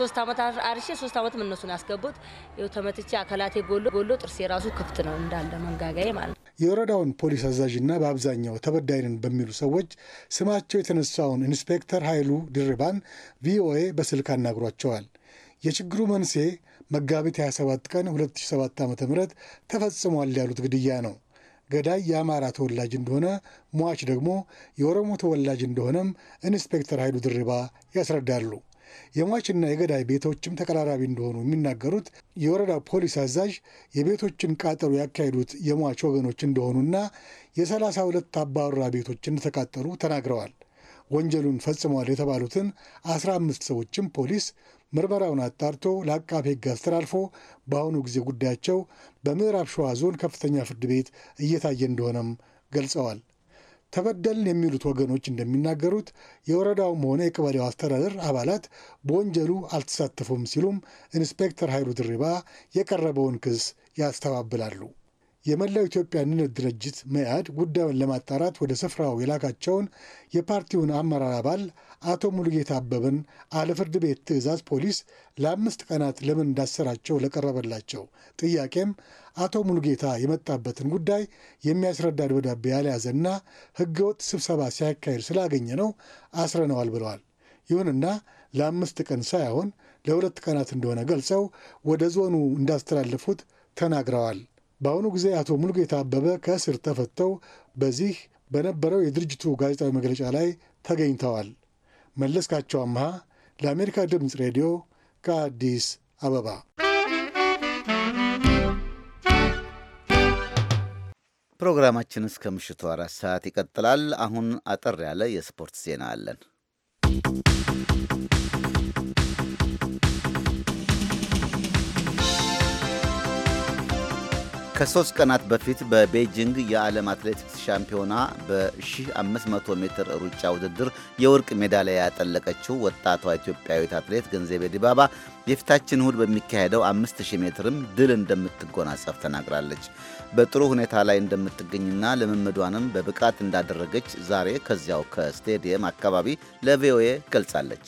ሶስት ዓመት አርሼ ሶስት ዓመትም እነሱን ያስገቡት። ተመትቼ አካላቴ ጎሎ ጎሎ ጥርሴ ራሱ ክፍት ነው እንዳለ መንጋጋዬ የወረዳውን ፖሊስ አዛዥና በአብዛኛው ተበዳይንን በሚሉ ሰዎች ስማቸው የተነሳውን ኢንስፔክተር ኃይሉ ድርባን ቪኦኤ በስልክ አናግሯቸዋል። የችግሩ መንስኤ መጋቢት 27 ቀን 2007 ዓ ም ተፈጽሟል ያሉት ግድያ ነው። ገዳይ የአማራ ተወላጅ እንደሆነ ሟች ደግሞ የኦሮሞ ተወላጅ እንደሆነም ኢንስፔክተር ኃይሉ ድርባ ያስረዳሉ። የሟችና የገዳይ ቤቶችም ተቀራራቢ እንደሆኑ የሚናገሩት የወረዳ ፖሊስ አዛዥ የቤቶችን ቃጠሎ ያካሄዱት የሟች ወገኖች እንደሆኑና የሰላሳ ሁለት አባወራ ቤቶች እንደተቃጠሉ ተናግረዋል። ወንጀሉን ፈጽመዋል የተባሉትን አስራ አምስት ሰዎችም ፖሊስ ምርመራውን አጣርቶ ለአቃቤ ሕግ አስተላልፎ በአሁኑ ጊዜ ጉዳያቸው በምዕራብ ሸዋ ዞን ከፍተኛ ፍርድ ቤት እየታየ እንደሆነም ገልጸዋል። ተበደልን የሚሉት ወገኖች እንደሚናገሩት የወረዳውም ሆነ የቀበሌው አስተዳደር አባላት በወንጀሉ አልተሳተፉም ሲሉም ኢንስፔክተር ኃይሉ ድሪባ የቀረበውን ክስ ያስተባብላሉ። የመላው ኢትዮጵያ አንድነት ድርጅት መያድ ጉዳዩን ለማጣራት ወደ ስፍራው የላካቸውን የፓርቲውን አመራር አባል አቶ ሙሉጌታ አበበን አለፍርድ ቤት ትዕዛዝ ፖሊስ ለአምስት ቀናት ለምን እንዳሰራቸው ለቀረበላቸው ጥያቄም አቶ ሙሉጌታ የመጣበትን ጉዳይ የሚያስረዳ ደብዳቤ ያልያዘና ህገወጥ ስብሰባ ሲያካሄድ ስላገኘ ነው አስረነዋል ብለዋል። ይሁንና ለአምስት ቀን ሳይሆን ለሁለት ቀናት እንደሆነ ገልጸው ወደ ዞኑ እንዳስተላለፉት ተናግረዋል። በአሁኑ ጊዜ አቶ ሙሉጌታ አበበ ከእስር ተፈተው በዚህ በነበረው የድርጅቱ ጋዜጣዊ መግለጫ ላይ ተገኝተዋል። መለስካቸው አምሃ ለአሜሪካ ድምፅ ሬዲዮ ከአዲስ አበባ ፕሮግራማችን እስከ ምሽቱ አራት ሰዓት ይቀጥላል። አሁን አጠር ያለ የስፖርት ዜና አለን። ከሶስት ቀናት በፊት በቤጂንግ የዓለም አትሌቲክስ ሻምፒዮና በ1500 ሜትር ሩጫ ውድድር የወርቅ ሜዳሊያ ያጠለቀችው ወጣቷ ኢትዮጵያዊት አትሌት ገንዘቤ ዲባባ የፊታችን እሁድ በሚካሄደው 5000 ሜትርም ድል እንደምትጎናጸፍ ተናግራለች። በጥሩ ሁኔታ ላይ እንደምትገኝና ልምምዷንም በብቃት እንዳደረገች ዛሬ ከዚያው ከስቴዲየም አካባቢ ለቪኦኤ ገልጻለች።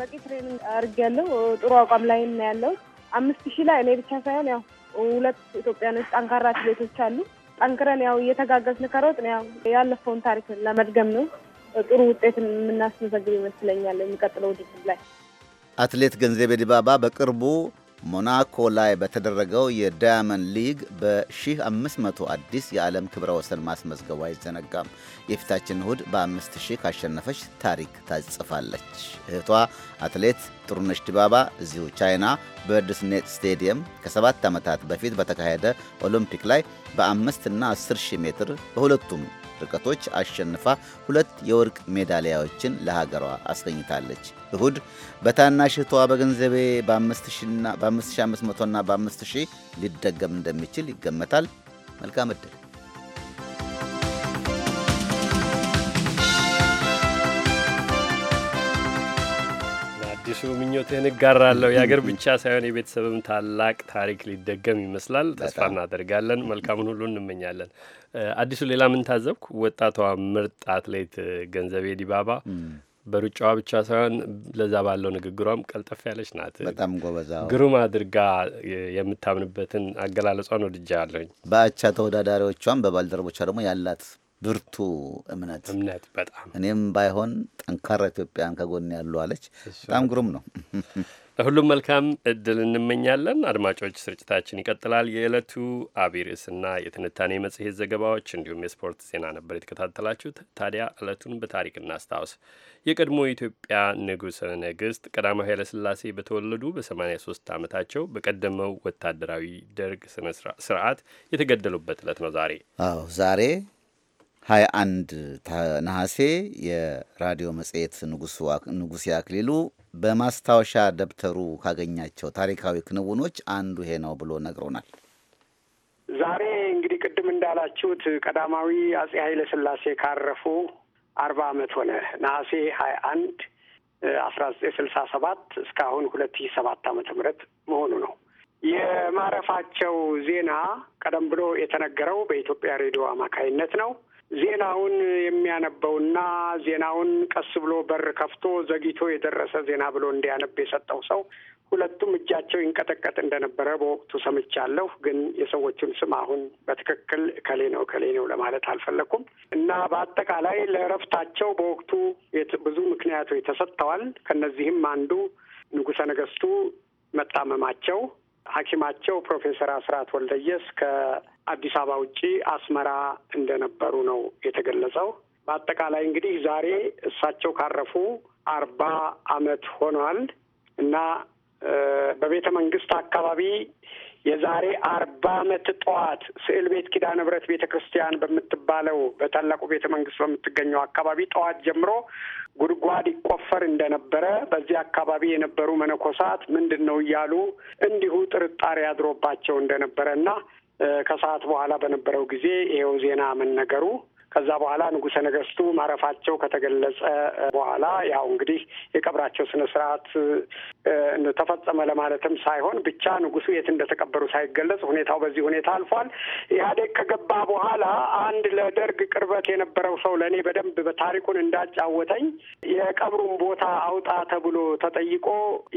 በቂ ትሬኒንግ አድርጌያለሁ። ጥሩ አቋም ላይ ያለው አምስት ሺህ ላይ እኔ ብቻ ሳይሆን ያው ሁለት ኢትዮጵያኖች ጠንካራ አትሌቶች አሉ። ጠንክረን ያው እየተጋገዝን ከሮጥን ያው ያለፈውን ታሪክ ለመድገም ነው ጥሩ ውጤት የምናስመዘግብ ይመስለኛል የሚቀጥለው ውድድር ላይ። አትሌት ገንዘቤ ዲባባ በቅርቡ ሞናኮ ላይ በተደረገው የዳያመንድ ሊግ በ1500 አዲስ የዓለም ክብረ ወሰን ማስመዝገቡ አይዘነጋም። የፊታችን እሁድ በ5000 ካሸነፈች ታሪክ ታጽፋለች። እህቷ አትሌት ጥሩነሽ ዲባባ እዚሁ ቻይና በርድስኔት ስቴዲየም ከሰባት ዓመታት በፊት በተካሄደ ኦሎምፒክ ላይ በአምስትና 10 ሺህ ሜትር በሁለቱም ርቀቶች አሸንፋ ሁለት የወርቅ ሜዳሊያዎችን ለሀገሯ አስገኝታለች። እሁድ በታናሽቷ በገንዘቤ በ5500 እና በ5000 ሊደገም እንደሚችል ይገመታል። መልካም ዕድል። አዲሱ ምኞትህን እጋራለሁ። የአገር ብቻ ሳይሆን የቤተሰብም ታላቅ ታሪክ ሊደገም ይመስላል። ተስፋ እናደርጋለን። መልካሙን ሁሉ እንመኛለን። አዲሱ ሌላ ምን ታዘብኩ? ወጣቷ ምርጥ አትሌት ገንዘቤ ዲባባ በሩጫዋ ብቻ ሳይሆን ለዛ ባለው ንግግሯም ቀልጠፍ ያለች ናት። በጣም ጎበዛ ግሩም አድርጋ የምታምንበትን አገላለጿን ወድጃ ያለኝ በአቻ ተወዳዳሪዎቿም በባልደረቦቿ ደግሞ ያላት ብርቱ እምነት እምነት በጣም እኔም ባይሆን ጠንካራ ኢትዮጵያን ከጎን ያሉ አለች። በጣም ግሩም ነው። ለሁሉም መልካም እድል እንመኛለን። አድማጮች ስርጭታችን ይቀጥላል። የዕለቱ አቢይ ርዕስና የትንታኔ መጽሔት ዘገባዎች እንዲሁም የስፖርት ዜና ነበር የተከታተላችሁት። ታዲያ ዕለቱን በታሪክ እናስታውስ። የቀድሞ የኢትዮጵያ ንጉሠ ነገሥት ቀዳማዊ ኃይለሥላሴ በተወለዱ በ83 ዓመታቸው በቀደመው ወታደራዊ ደርግ ስርዓት የተገደሉበት ዕለት ነው ዛሬ። አዎ ዛሬ 21 ነሐሴ የራዲዮ መጽሔት ንጉሥ ያክሊሉ በማስታወሻ ደብተሩ ካገኛቸው ታሪካዊ ክንውኖች አንዱ ይሄ ነው ብሎ ነግሮናል። ዛሬ እንግዲህ ቅድም እንዳላችሁት ቀዳማዊ አጼ ኃይለ ስላሴ ካረፉ አርባ ዓመት ሆነ። ነሐሴ ሀያ አንድ አስራ ዘጠኝ ስልሳ ሰባት እስካሁን ሁለት ሰባት ዓመተ ምህረት መሆኑ ነው። የማረፋቸው ዜና ቀደም ብሎ የተነገረው በኢትዮጵያ ሬዲዮ አማካይነት ነው። ዜናውን የሚያነበውና ዜናውን ቀስ ብሎ በር ከፍቶ ዘግይቶ የደረሰ ዜና ብሎ እንዲያነብ የሰጠው ሰው ሁለቱም እጃቸው ይንቀጠቀጥ እንደነበረ በወቅቱ ሰምቻለሁ። ግን የሰዎቹን ስም አሁን በትክክል ከሌ ነው ከሌ ነው ለማለት አልፈለኩም እና በአጠቃላይ ለእረፍታቸው በወቅቱ ብዙ ምክንያቶች ተሰጥተዋል። ከነዚህም አንዱ ንጉሠ ነገሥቱ መታመማቸው ሐኪማቸው ፕሮፌሰር አስራት ወልደየስ ከ አዲስ አበባ ውጪ አስመራ እንደነበሩ ነው የተገለጸው። በአጠቃላይ እንግዲህ ዛሬ እሳቸው ካረፉ አርባ አመት ሆኗል እና በቤተ መንግስት አካባቢ የዛሬ አርባ አመት ጠዋት ስዕል ቤት ኪዳ ንብረት ቤተ ክርስቲያን በምትባለው በታላቁ ቤተ መንግስት በምትገኘው አካባቢ ጠዋት ጀምሮ ጉድጓድ ይቆፈር እንደነበረ በዚህ አካባቢ የነበሩ መነኮሳት ምንድን ነው እያሉ እንዲሁ ጥርጣሬ ያድሮባቸው እንደነበረ እና ከሰዓት በኋላ በነበረው ጊዜ ይኸው ዜና መነገሩ ከዛ በኋላ ንጉሰ ነገስቱ ማረፋቸው ከተገለጸ በኋላ ያው እንግዲህ የቀብራቸው ስነ ስርዓት ተፈጸመ ለማለትም ሳይሆን ብቻ ንጉሱ የት እንደተቀበሩ ሳይገለጽ ሁኔታው በዚህ ሁኔታ አልፏል። ኢህአዴግ ከገባ በኋላ አንድ ለደርግ ቅርበት የነበረው ሰው ለእኔ በደንብ በታሪኩን እንዳጫወተኝ የቀብሩን ቦታ አውጣ ተብሎ ተጠይቆ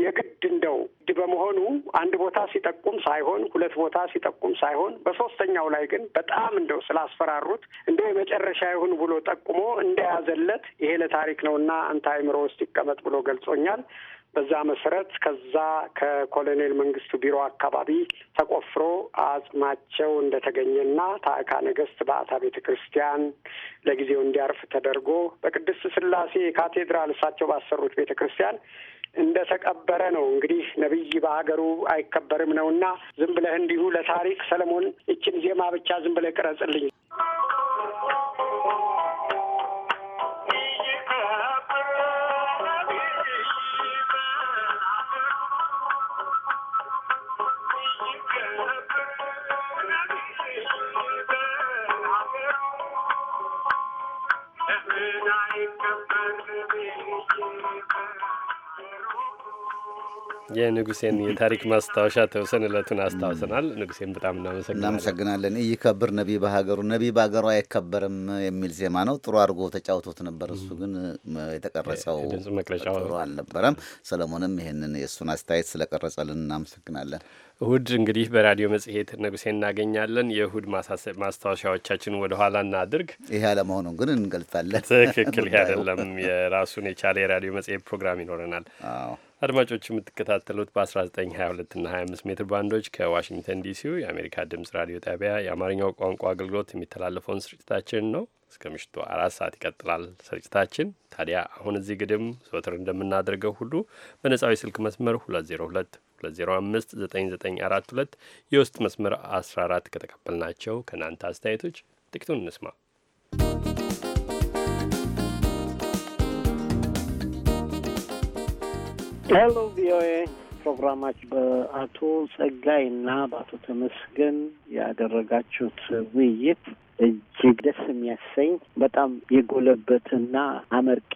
የግድ እንደው በመሆኑ አንድ ቦታ ሲጠቁም ሳይሆን ሁለት ቦታ ሲጠቁም ሳይሆን በሶስተኛው ላይ ግን በጣም እንደው ስላስፈራሩት እንደው የመጨረሻ ይሁን ብሎ ጠቁሞ እንደያዘለት ይሄ ለታሪክ ነው እና አንተ አይምሮ ውስጥ ይቀመጥ ብሎ ገልጾኛል። በዛ መሰረት ከዛ ከኮሎኔል መንግስቱ ቢሮ አካባቢ ተቆፍሮ አጽማቸው እንደተገኘና ታዕካ ነገስት በአታ ቤተ ክርስቲያን ለጊዜው እንዲያርፍ ተደርጎ በቅድስት ስላሴ ካቴድራል እሳቸው ባሰሩት ቤተ ክርስቲያን እንደተቀበረ ነው። እንግዲህ ነቢይ በሀገሩ አይከበርም እና ዝም ብለህ እንዲሁ ለታሪክ ሰለሞን፣ ይችን ዜማ ብቻ ዝም ብለህ ቅረጽልኝ የንጉሴን የታሪክ ማስታወሻ ተወሰን እለቱን አስታውሰናል። ንጉሴን በጣም እናመሰግናለን። እናመሰግናለን። ይከብር ነቢ በሀገሩ ነቢ በሀገሩ አይከበርም የሚል ዜማ ነው። ጥሩ አድርጎ ተጫውቶት ነበር። እሱ ግን የተቀረጸው ጥሩ አልነበረም። ሰለሞንም ይህንን የእሱን አስተያየት ስለቀረጸልን እናመሰግናለን። እሁድ እንግዲህ በራዲዮ መጽሔት ንጉሴ እናገኛለን። የእሁድ ማስታወሻዎቻችን ወደ ኋላ እናድርግ። ይህ አለመሆኑን ግን እንገልጻለን። ትክክል አይደለም። የራሱን የቻለ የራዲዮ መጽሔት ፕሮግራም ይኖረናል። አድማጮች የምትከታተሉት በ1922 እና 25 ሜትር ባንዶች ከዋሽንግተን ዲሲው የአሜሪካ ድምፅ ራዲዮ ጣቢያ የአማርኛው ቋንቋ አገልግሎት የሚተላለፈውን ስርጭታችን ነው። እስከ ምሽቱ አራት ሰዓት ይቀጥላል ስርጭታችን። ታዲያ አሁን እዚህ ግድም ዘወትር እንደምናደርገው ሁሉ በነጻዊ ስልክ መስመር 202 205 9942 የውስጥ መስመር 14 ከተቀበልናቸው ከእናንተ አስተያየቶች ጥቂቱን እንስማ። ሄሎ ቪኦኤ ፕሮግራማች በአቶ ጸጋይ እና በአቶ ተመስገን ያደረጋችሁት ውይይት እጅግ ደስ የሚያሰኝ በጣም የጎለበትና አመርቂ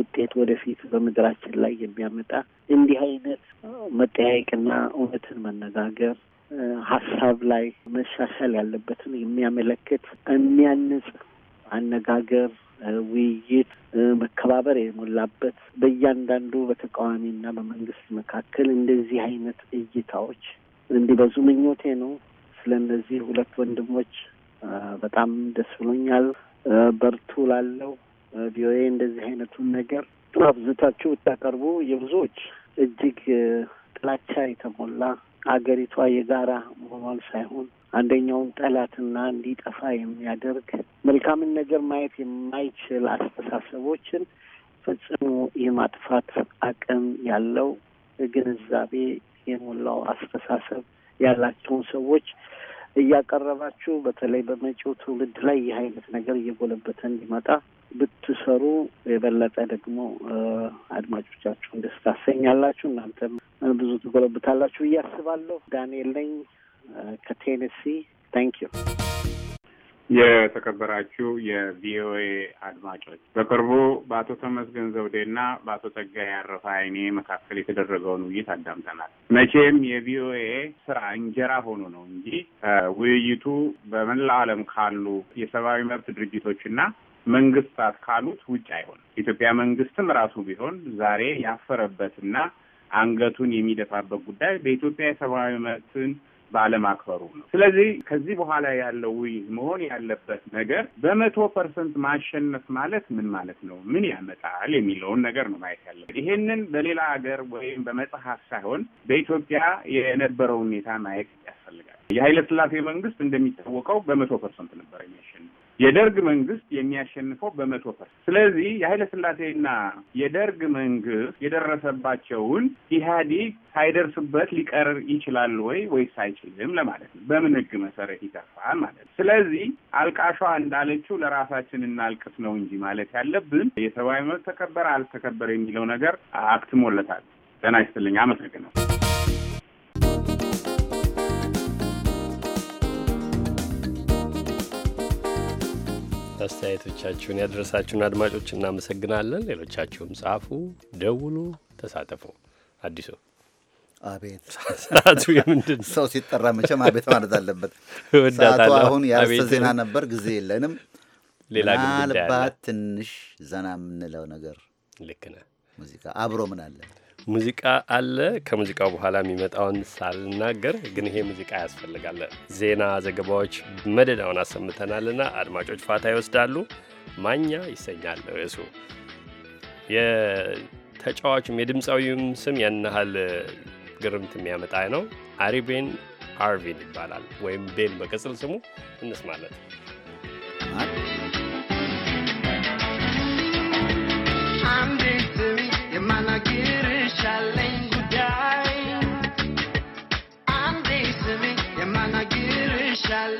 ውጤት ወደፊት በምድራችን ላይ የሚያመጣ እንዲህ አይነት መጠያየቅና እውነትን መነጋገር ሀሳብ ላይ መሻሻል ያለበትን የሚያመለክት የሚያንጽ አነጋገር፣ ውይይት፣ መከባበር የሞላበት በእያንዳንዱ በተቃዋሚና በመንግስት መካከል እንደዚህ አይነት እይታዎች እንዲበዙ ምኞቴ ነው። ስለ እነዚህ ሁለት ወንድሞች በጣም ደስ ብሎኛል። በርቱ ላለው ቪኦኤ እንደዚህ አይነቱን ነገር አብዝታችሁ ብታቀርቡ የብዙዎች እጅግ ጥላቻ የተሞላ አገሪቷ የጋራ መሆኗን ሳይሆን አንደኛውን ጠላትና እንዲጠፋ የሚያደርግ መልካምን ነገር ማየት የማይችል አስተሳሰቦችን ፈጽሞ የማጥፋት አቅም ያለው ግንዛቤ የሞላው አስተሳሰብ ያላቸውን ሰዎች እያቀረባችሁ በተለይ በመጪው ትውልድ ላይ ይህ አይነት ነገር እየጎለበተ እንዲመጣ ብትሰሩ የበለጠ ደግሞ አድማጮቻችሁን ደስ ታሰኛላችሁ። እናንተም ብዙ ትጎለብታላችሁ ብዬ አስባለሁ። ዳንኤል ነኝ ከቴኔሲ ታንኪዩ። የተከበራችሁ የቪኦኤ አድማጮች በቅርቡ በአቶ ተመስገን ዘውዴና በአቶ ጸጋዬ አይኔ መካከል የተደረገውን ውይይት አዳምጠናል። መቼም የቪኦኤ ስራ እንጀራ ሆኖ ነው እንጂ ውይይቱ በመላው ዓለም ካሉ የሰብአዊ መብት ድርጅቶችና መንግስታት ካሉት ውጭ አይሆንም። ኢትዮጵያ መንግስትም ራሱ ቢሆን ዛሬ ያፈረበትና አንገቱን የሚደፋበት ጉዳይ በኢትዮጵያ የሰብአዊ መብትን ባለማክበሩ ነው። ስለዚህ ከዚህ በኋላ ያለው ውይይት መሆን ያለበት ነገር በመቶ ፐርሰንት ማሸነፍ ማለት ምን ማለት ነው፣ ምን ያመጣል የሚለውን ነገር ነው ማየት ያለበት። ይሄንን በሌላ ሀገር ወይም በመጽሐፍ ሳይሆን በኢትዮጵያ የነበረው ሁኔታ ማየት ያስፈልጋል። የኃይለ ስላሴ መንግስት እንደሚታወቀው በመቶ ፐርሰንት ነበር የሚያሸንፍ የደርግ መንግስት የሚያሸንፈው በመቶ ፐርሰንት። ስለዚህ የኃይለ ስላሴና የደርግ መንግስት የደረሰባቸውን ኢህአዴግ ሳይደርስበት ሊቀር ይችላል ወይ ወይስ አይችልም ለማለት ነው። በምን ህግ መሰረት ይጠፋል ማለት ነው። ስለዚህ አልቃሿ እንዳለችው ለራሳችን እናልቅስ ነው እንጂ ማለት ያለብን የሰብአዊ መብት ተከበረ አልተከበረ የሚለው ነገር አክትሞለታል። ጤና ይስጥልኝ። አመሰግናለሁ። አስተያየቶቻችሁን ያደረሳችሁን አድማጮች እናመሰግናለን። ሌሎቻችሁም ጻፉ፣ ደውሉ፣ ተሳተፉ። አዲሱ አቤት ሰዓቱ የምንድን ሰው ሲጠራ መቼም አቤት ማለት አለበት። ሰዓቱ አሁን ያርዕስተ ዜና ነበር፣ ጊዜ የለንም። ሌላ ምናልባት ትንሽ ዘና የምንለው ነገር ልክ ነህ። ሙዚቃ አብሮ ምን አለን? ሙዚቃ አለ። ከሙዚቃው በኋላ የሚመጣውን ሳልናገር ግን ይሄ ሙዚቃ ያስፈልጋል። ዜና ዘገባዎች መደዳውን አሰምተናልና አድማጮች ፋታ ይወስዳሉ። ማኛ ይሰኛል እሱ የተጫዋቹም የድምፃዊውም ስም ያን ግርምት የሚያመጣ ነው። አሪቤን አርቪን ይባላል፣ ወይም ቤን በቅጽል ስሙ። እንስማለት። ¡Gracias!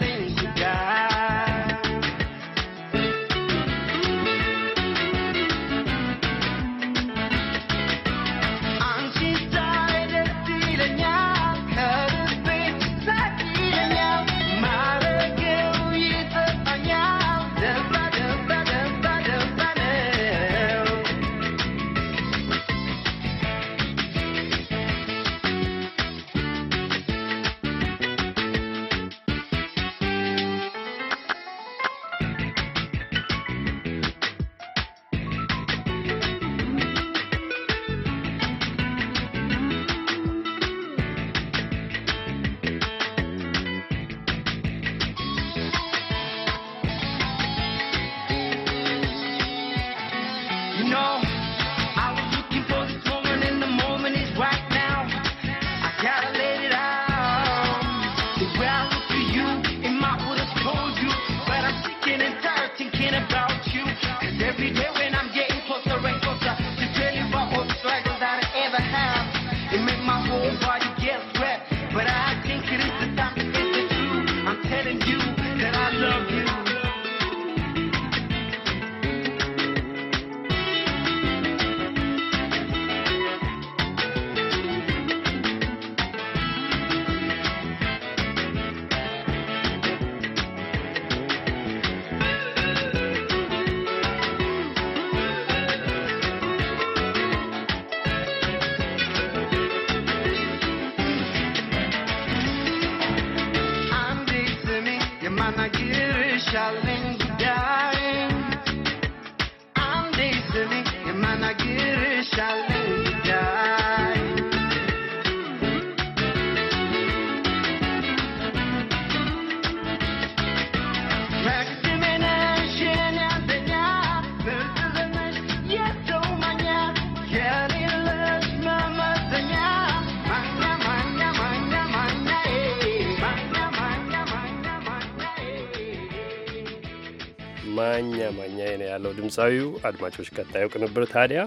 ድምፃዊው። አድማጮች፣ ቀጣዩ ቅንብር ታዲያ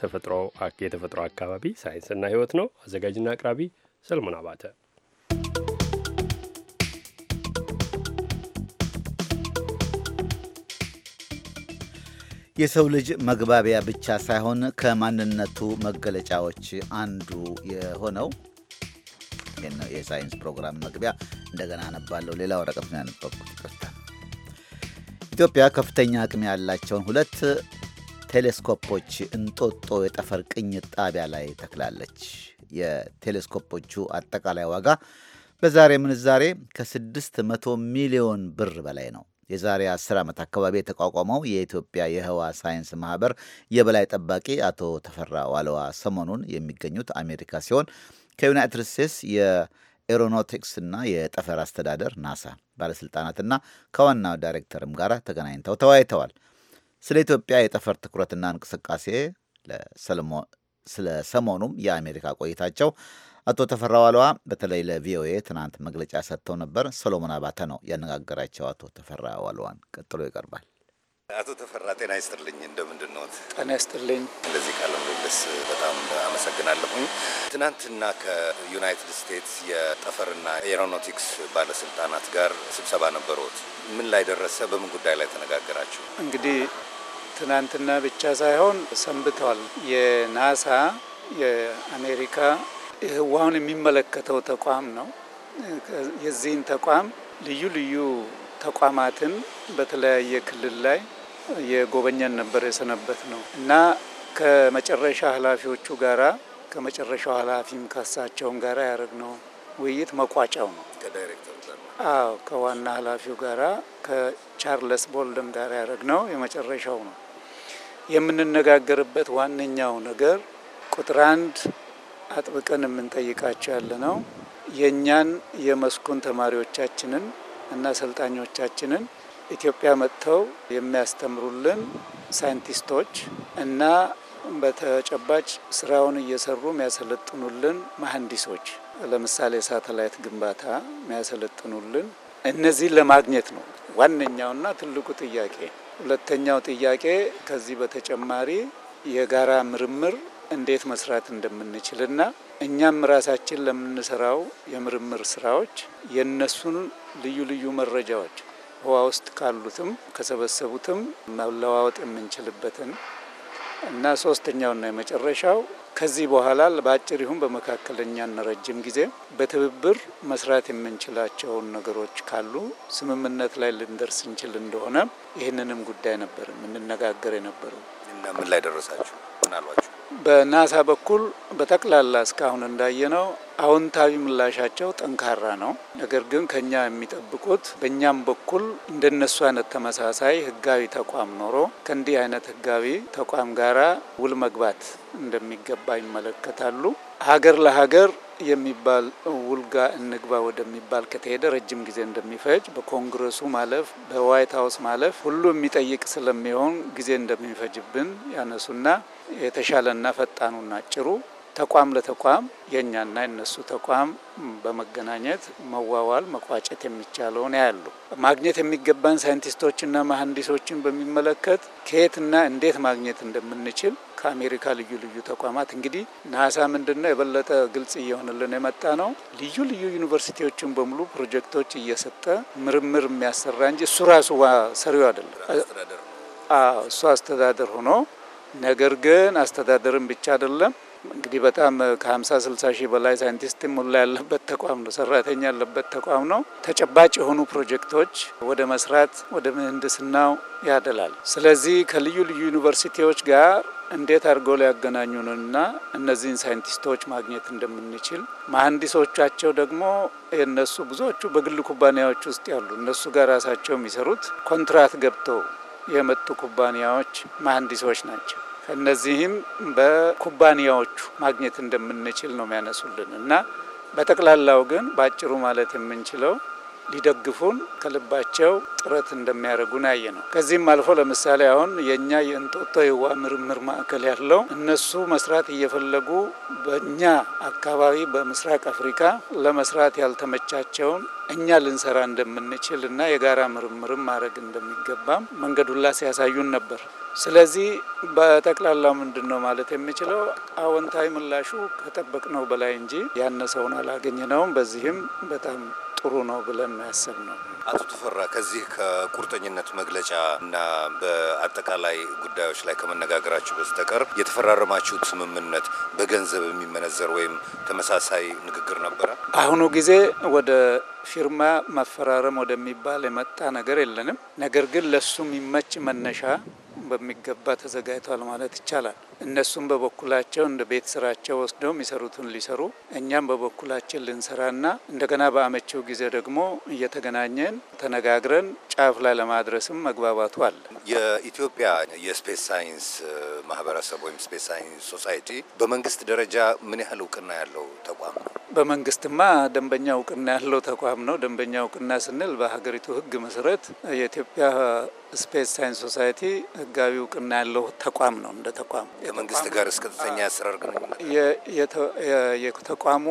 ተፈጥሮ የተፈጥሮ አካባቢ ሳይንስና ሕይወት ነው። አዘጋጅና አቅራቢ ሰለሞን አባተ። የሰው ልጅ መግባቢያ ብቻ ሳይሆን ከማንነቱ መገለጫዎች አንዱ የሆነው የሳይንስ ፕሮግራም መግቢያ እንደገና አነባለሁ። ሌላ ወረቀት ነው ያነበብኩት፣ ኢትዮጵያ ከፍተኛ አቅም ያላቸውን ሁለት ቴሌስኮፖች እንጦጦ የጠፈር ቅኝት ጣቢያ ላይ ተክላለች። የቴሌስኮፖቹ አጠቃላይ ዋጋ በዛሬ ምንዛሬ ከ600 ሚሊዮን ብር በላይ ነው። የዛሬ 10 ዓመት አካባቢ የተቋቋመው የኢትዮጵያ የህዋ ሳይንስ ማህበር የበላይ ጠባቂ አቶ ተፈራ ዋለዋ ሰሞኑን የሚገኙት አሜሪካ ሲሆን ከዩናይትድ ስቴትስ ኤሮኖቲክስና የጠፈር አስተዳደር ናሳ ባለሥልጣናትና ከዋናው ዳይሬክተርም ጋር ተገናኝተው ተወያይተዋል። ስለ ኢትዮጵያ የጠፈር ትኩረትና እንቅስቃሴ ስለ ሰሞኑም የአሜሪካ ቆይታቸው አቶ ተፈራ ዋልዋ በተለይ ለቪኦኤ ትናንት መግለጫ ሰጥተው ነበር። ሰሎሞን አባተ ነው ያነጋገራቸው አቶ ተፈራ ዋልዋን። ቀጥሎ ይቀርባል። አቶ ተፈራ ጤና ይስጥልኝ። እንደምንድን ነው? ጤና ይስጥልኝ። ለዚህ ቃለ ምልልስ በጣም አመሰግናለሁኝ። ትናንትና ከዩናይትድ ስቴትስ የጠፈርና ኤሮኖቲክስ ባለስልጣናት ጋር ስብሰባ ነበረዎት። ምን ላይ ደረሰ? በምን ጉዳይ ላይ ተነጋገራችሁ? እንግዲህ ትናንትና ብቻ ሳይሆን ሰንብተዋል። የናሳ የአሜሪካ ህዋውን የሚመለከተው ተቋም ነው። የዚህን ተቋም ልዩ ልዩ ተቋማትን በተለያየ ክልል ላይ የጎበኘን ነበር የሰነበት ነው እና ከመጨረሻ ኃላፊዎቹ ጋራ ከመጨረሻው ኃላፊም ከሳቸውም ጋራ ያደረግነው ውይይት መቋጫው ነው። አዎ ከዋና ኃላፊው ጋራ ከቻርለስ ቦልደን ጋር ያደረግነው የመጨረሻው ነው። የምንነጋገርበት ዋነኛው ነገር ቁጥር አንድ አጥብቀን የምንጠይቃቸው ያለ ነው የእኛን የመስኩን ተማሪዎቻችንን እና አሰልጣኞቻችንን ኢትዮጵያ መጥተው የሚያስተምሩልን ሳይንቲስቶች እና በተጨባጭ ስራውን እየሰሩ የሚያሰለጥኑልን መሀንዲሶች ለምሳሌ ሳተላይት ግንባታ የሚያሰለጥኑልን እነዚህን ለማግኘት ነው ዋነኛውና ትልቁ ጥያቄ። ሁለተኛው ጥያቄ ከዚህ በተጨማሪ የጋራ ምርምር እንዴት መስራት እንደምንችልና እኛም ራሳችን ለምንሰራው የምርምር ስራዎች የእነሱን ልዩ ልዩ መረጃዎች ህዋ ውስጥ ካሉትም ከሰበሰቡትም መለዋወጥ የምንችልበትን እና ሶስተኛውና የመጨረሻው ከዚህ በኋላ በአጭር ይሁን በመካከለኛና ረጅም ጊዜ በትብብር መስራት የምንችላቸውን ነገሮች ካሉ ስምምነት ላይ ልንደርስ እንችል እንደሆነ ይህንንም ጉዳይ ነበር የምንነጋገር የነበረው። ምን ላይ ደረሳችሁ? ምን አሏችሁ? በናሳ በኩል በጠቅላላ እስካሁን እንዳየነው አዎንታዊ ምላሻቸው ጠንካራ ነው። ነገር ግን ከኛ የሚጠብቁት በእኛም በኩል እንደነሱ አይነት ተመሳሳይ ህጋዊ ተቋም ኖሮ ከእንዲህ አይነት ህጋዊ ተቋም ጋራ ውል መግባት እንደሚገባ ይመለከታሉ። ሀገር ለሀገር የሚባል ውልጋ እንግባ ወደሚባል ከተሄደ ረጅም ጊዜ እንደሚፈጅ በኮንግረሱ ማለፍ በዋይት ሀውስ ማለፍ ሁሉ የሚጠይቅ ስለሚሆን ጊዜ እንደሚፈጅብን ያነሱና የተሻለና ፈጣኑና ጭሩ ተቋም ለተቋም የእኛና የነሱ ተቋም በመገናኘት መዋዋል መቋጨት የሚቻለውን ያሉ ማግኘት የሚገባን ሳይንቲስቶችና መሀንዲሶችን በሚመለከት ከየትና እንዴት ማግኘት እንደምንችል ከአሜሪካ ልዩ ልዩ ተቋማት እንግዲህ ናሳ ምንድነው የበለጠ ግልጽ እየሆነልን የመጣ ነው። ልዩ ልዩ ዩኒቨርሲቲዎችን በሙሉ ፕሮጀክቶች እየሰጠ ምርምር የሚያሰራ እንጂ እሱ ራሱ ሰሪው አይደለም። እሱ አስተዳደር ሆኖ ነገር ግን አስተዳደርን ብቻ አይደለም እንግዲህ በጣም ከ ስልሳ ሺህ በላይ ሳይንቲስትም ሁላ ያለበት ተቋም ነው። ሰራተኛ ያለበት ተቋም ነው። ተጨባጭ የሆኑ ፕሮጀክቶች ወደ መስራት ወደ ምህንድስናው ያደላል። ስለዚህ ከልዩ ልዩ ዩኒቨርሲቲዎች ጋር እንዴት አድርገው ሊያገናኙንና እነዚህን ሳይንቲስቶች ማግኘት እንደምንችል መሀንዲሶቻቸው ደግሞ የነሱ ብዙዎቹ በግል ኩባንያዎች ውስጥ ያሉ እነሱ ጋር ራሳቸው የሚሰሩት ኮንትራት ገብተው የመጡ ኩባንያዎች መሀንዲሶች ናቸው። እነዚህም በኩባንያዎቹ ማግኘት እንደምንችል ነው የሚያነሱልን እና በጠቅላላው ግን በአጭሩ ማለት የምንችለው ሊደግፉን ከልባቸው ጥረት እንደሚያደርጉን ያየ ነው። ከዚህም አልፎ ለምሳሌ አሁን የእኛ የእንጦጦ የውሃ ምርምር ማዕከል ያለው እነሱ መስራት እየፈለጉ በእኛ አካባቢ በምስራቅ አፍሪካ ለመስራት ያልተመቻቸውን እኛ ልንሰራ እንደምንችል እና የጋራ ምርምርም ማድረግ እንደሚገባም መንገዱላ ሲያሳዩን ነበር። ስለዚህ በጠቅላላ ምንድን ነው ማለት የሚችለው አዎንታዊ ምላሹ ከጠበቅነው በላይ እንጂ ያነሰውን አላገኘነውም። በዚህም በጣም ጥሩ ነው ብለን ማያሰብ ነው። አቶ ተፈራ ከዚህ ከቁርጠኝነት መግለጫ እና በአጠቃላይ ጉዳዮች ላይ ከመነጋገራችሁ በስተቀር የተፈራረማችሁት ስምምነት በገንዘብ የሚመነዘር ወይም ተመሳሳይ ንግግር ነበረ? አሁኑ ጊዜ ወደ ፊርማ ማፈራረም ወደሚባል የመጣ ነገር የለንም። ነገር ግን ለሱ የሚመች መነሻ በሚገባ ተዘጋጅቷል ማለት ይቻላል። እነሱም በበኩላቸው እንደ ቤት ስራቸው ወስደው የሚሰሩትን ሊሰሩ፣ እኛም በበኩላችን ልንሰራና እንደገና በአመቸው ጊዜ ደግሞ እየተገናኘን ተነጋግረን ጫፍ ላይ ለማድረስም መግባባቱ አለ። የኢትዮጵያ የስፔስ ሳይንስ ማህበረሰብ ወይም ስፔስ ሳይንስ ሶሳይቲ በመንግስት ደረጃ ምን ያህል እውቅና ያለው ተቋም ነው? በመንግስትማ ደንበኛ እውቅና ያለው ተቋም አቋም ነው። ደንበኛ እውቅና ስንል በሀገሪቱ ህግ መሰረት የኢትዮጵያ ስፔስ ሳይንስ ሶሳይቲ ሕጋዊ እውቅና ያለው ተቋም ነው። እንደ ተቋም የመንግስት ጋር እስከተኛ ያሰራር የተቋሙ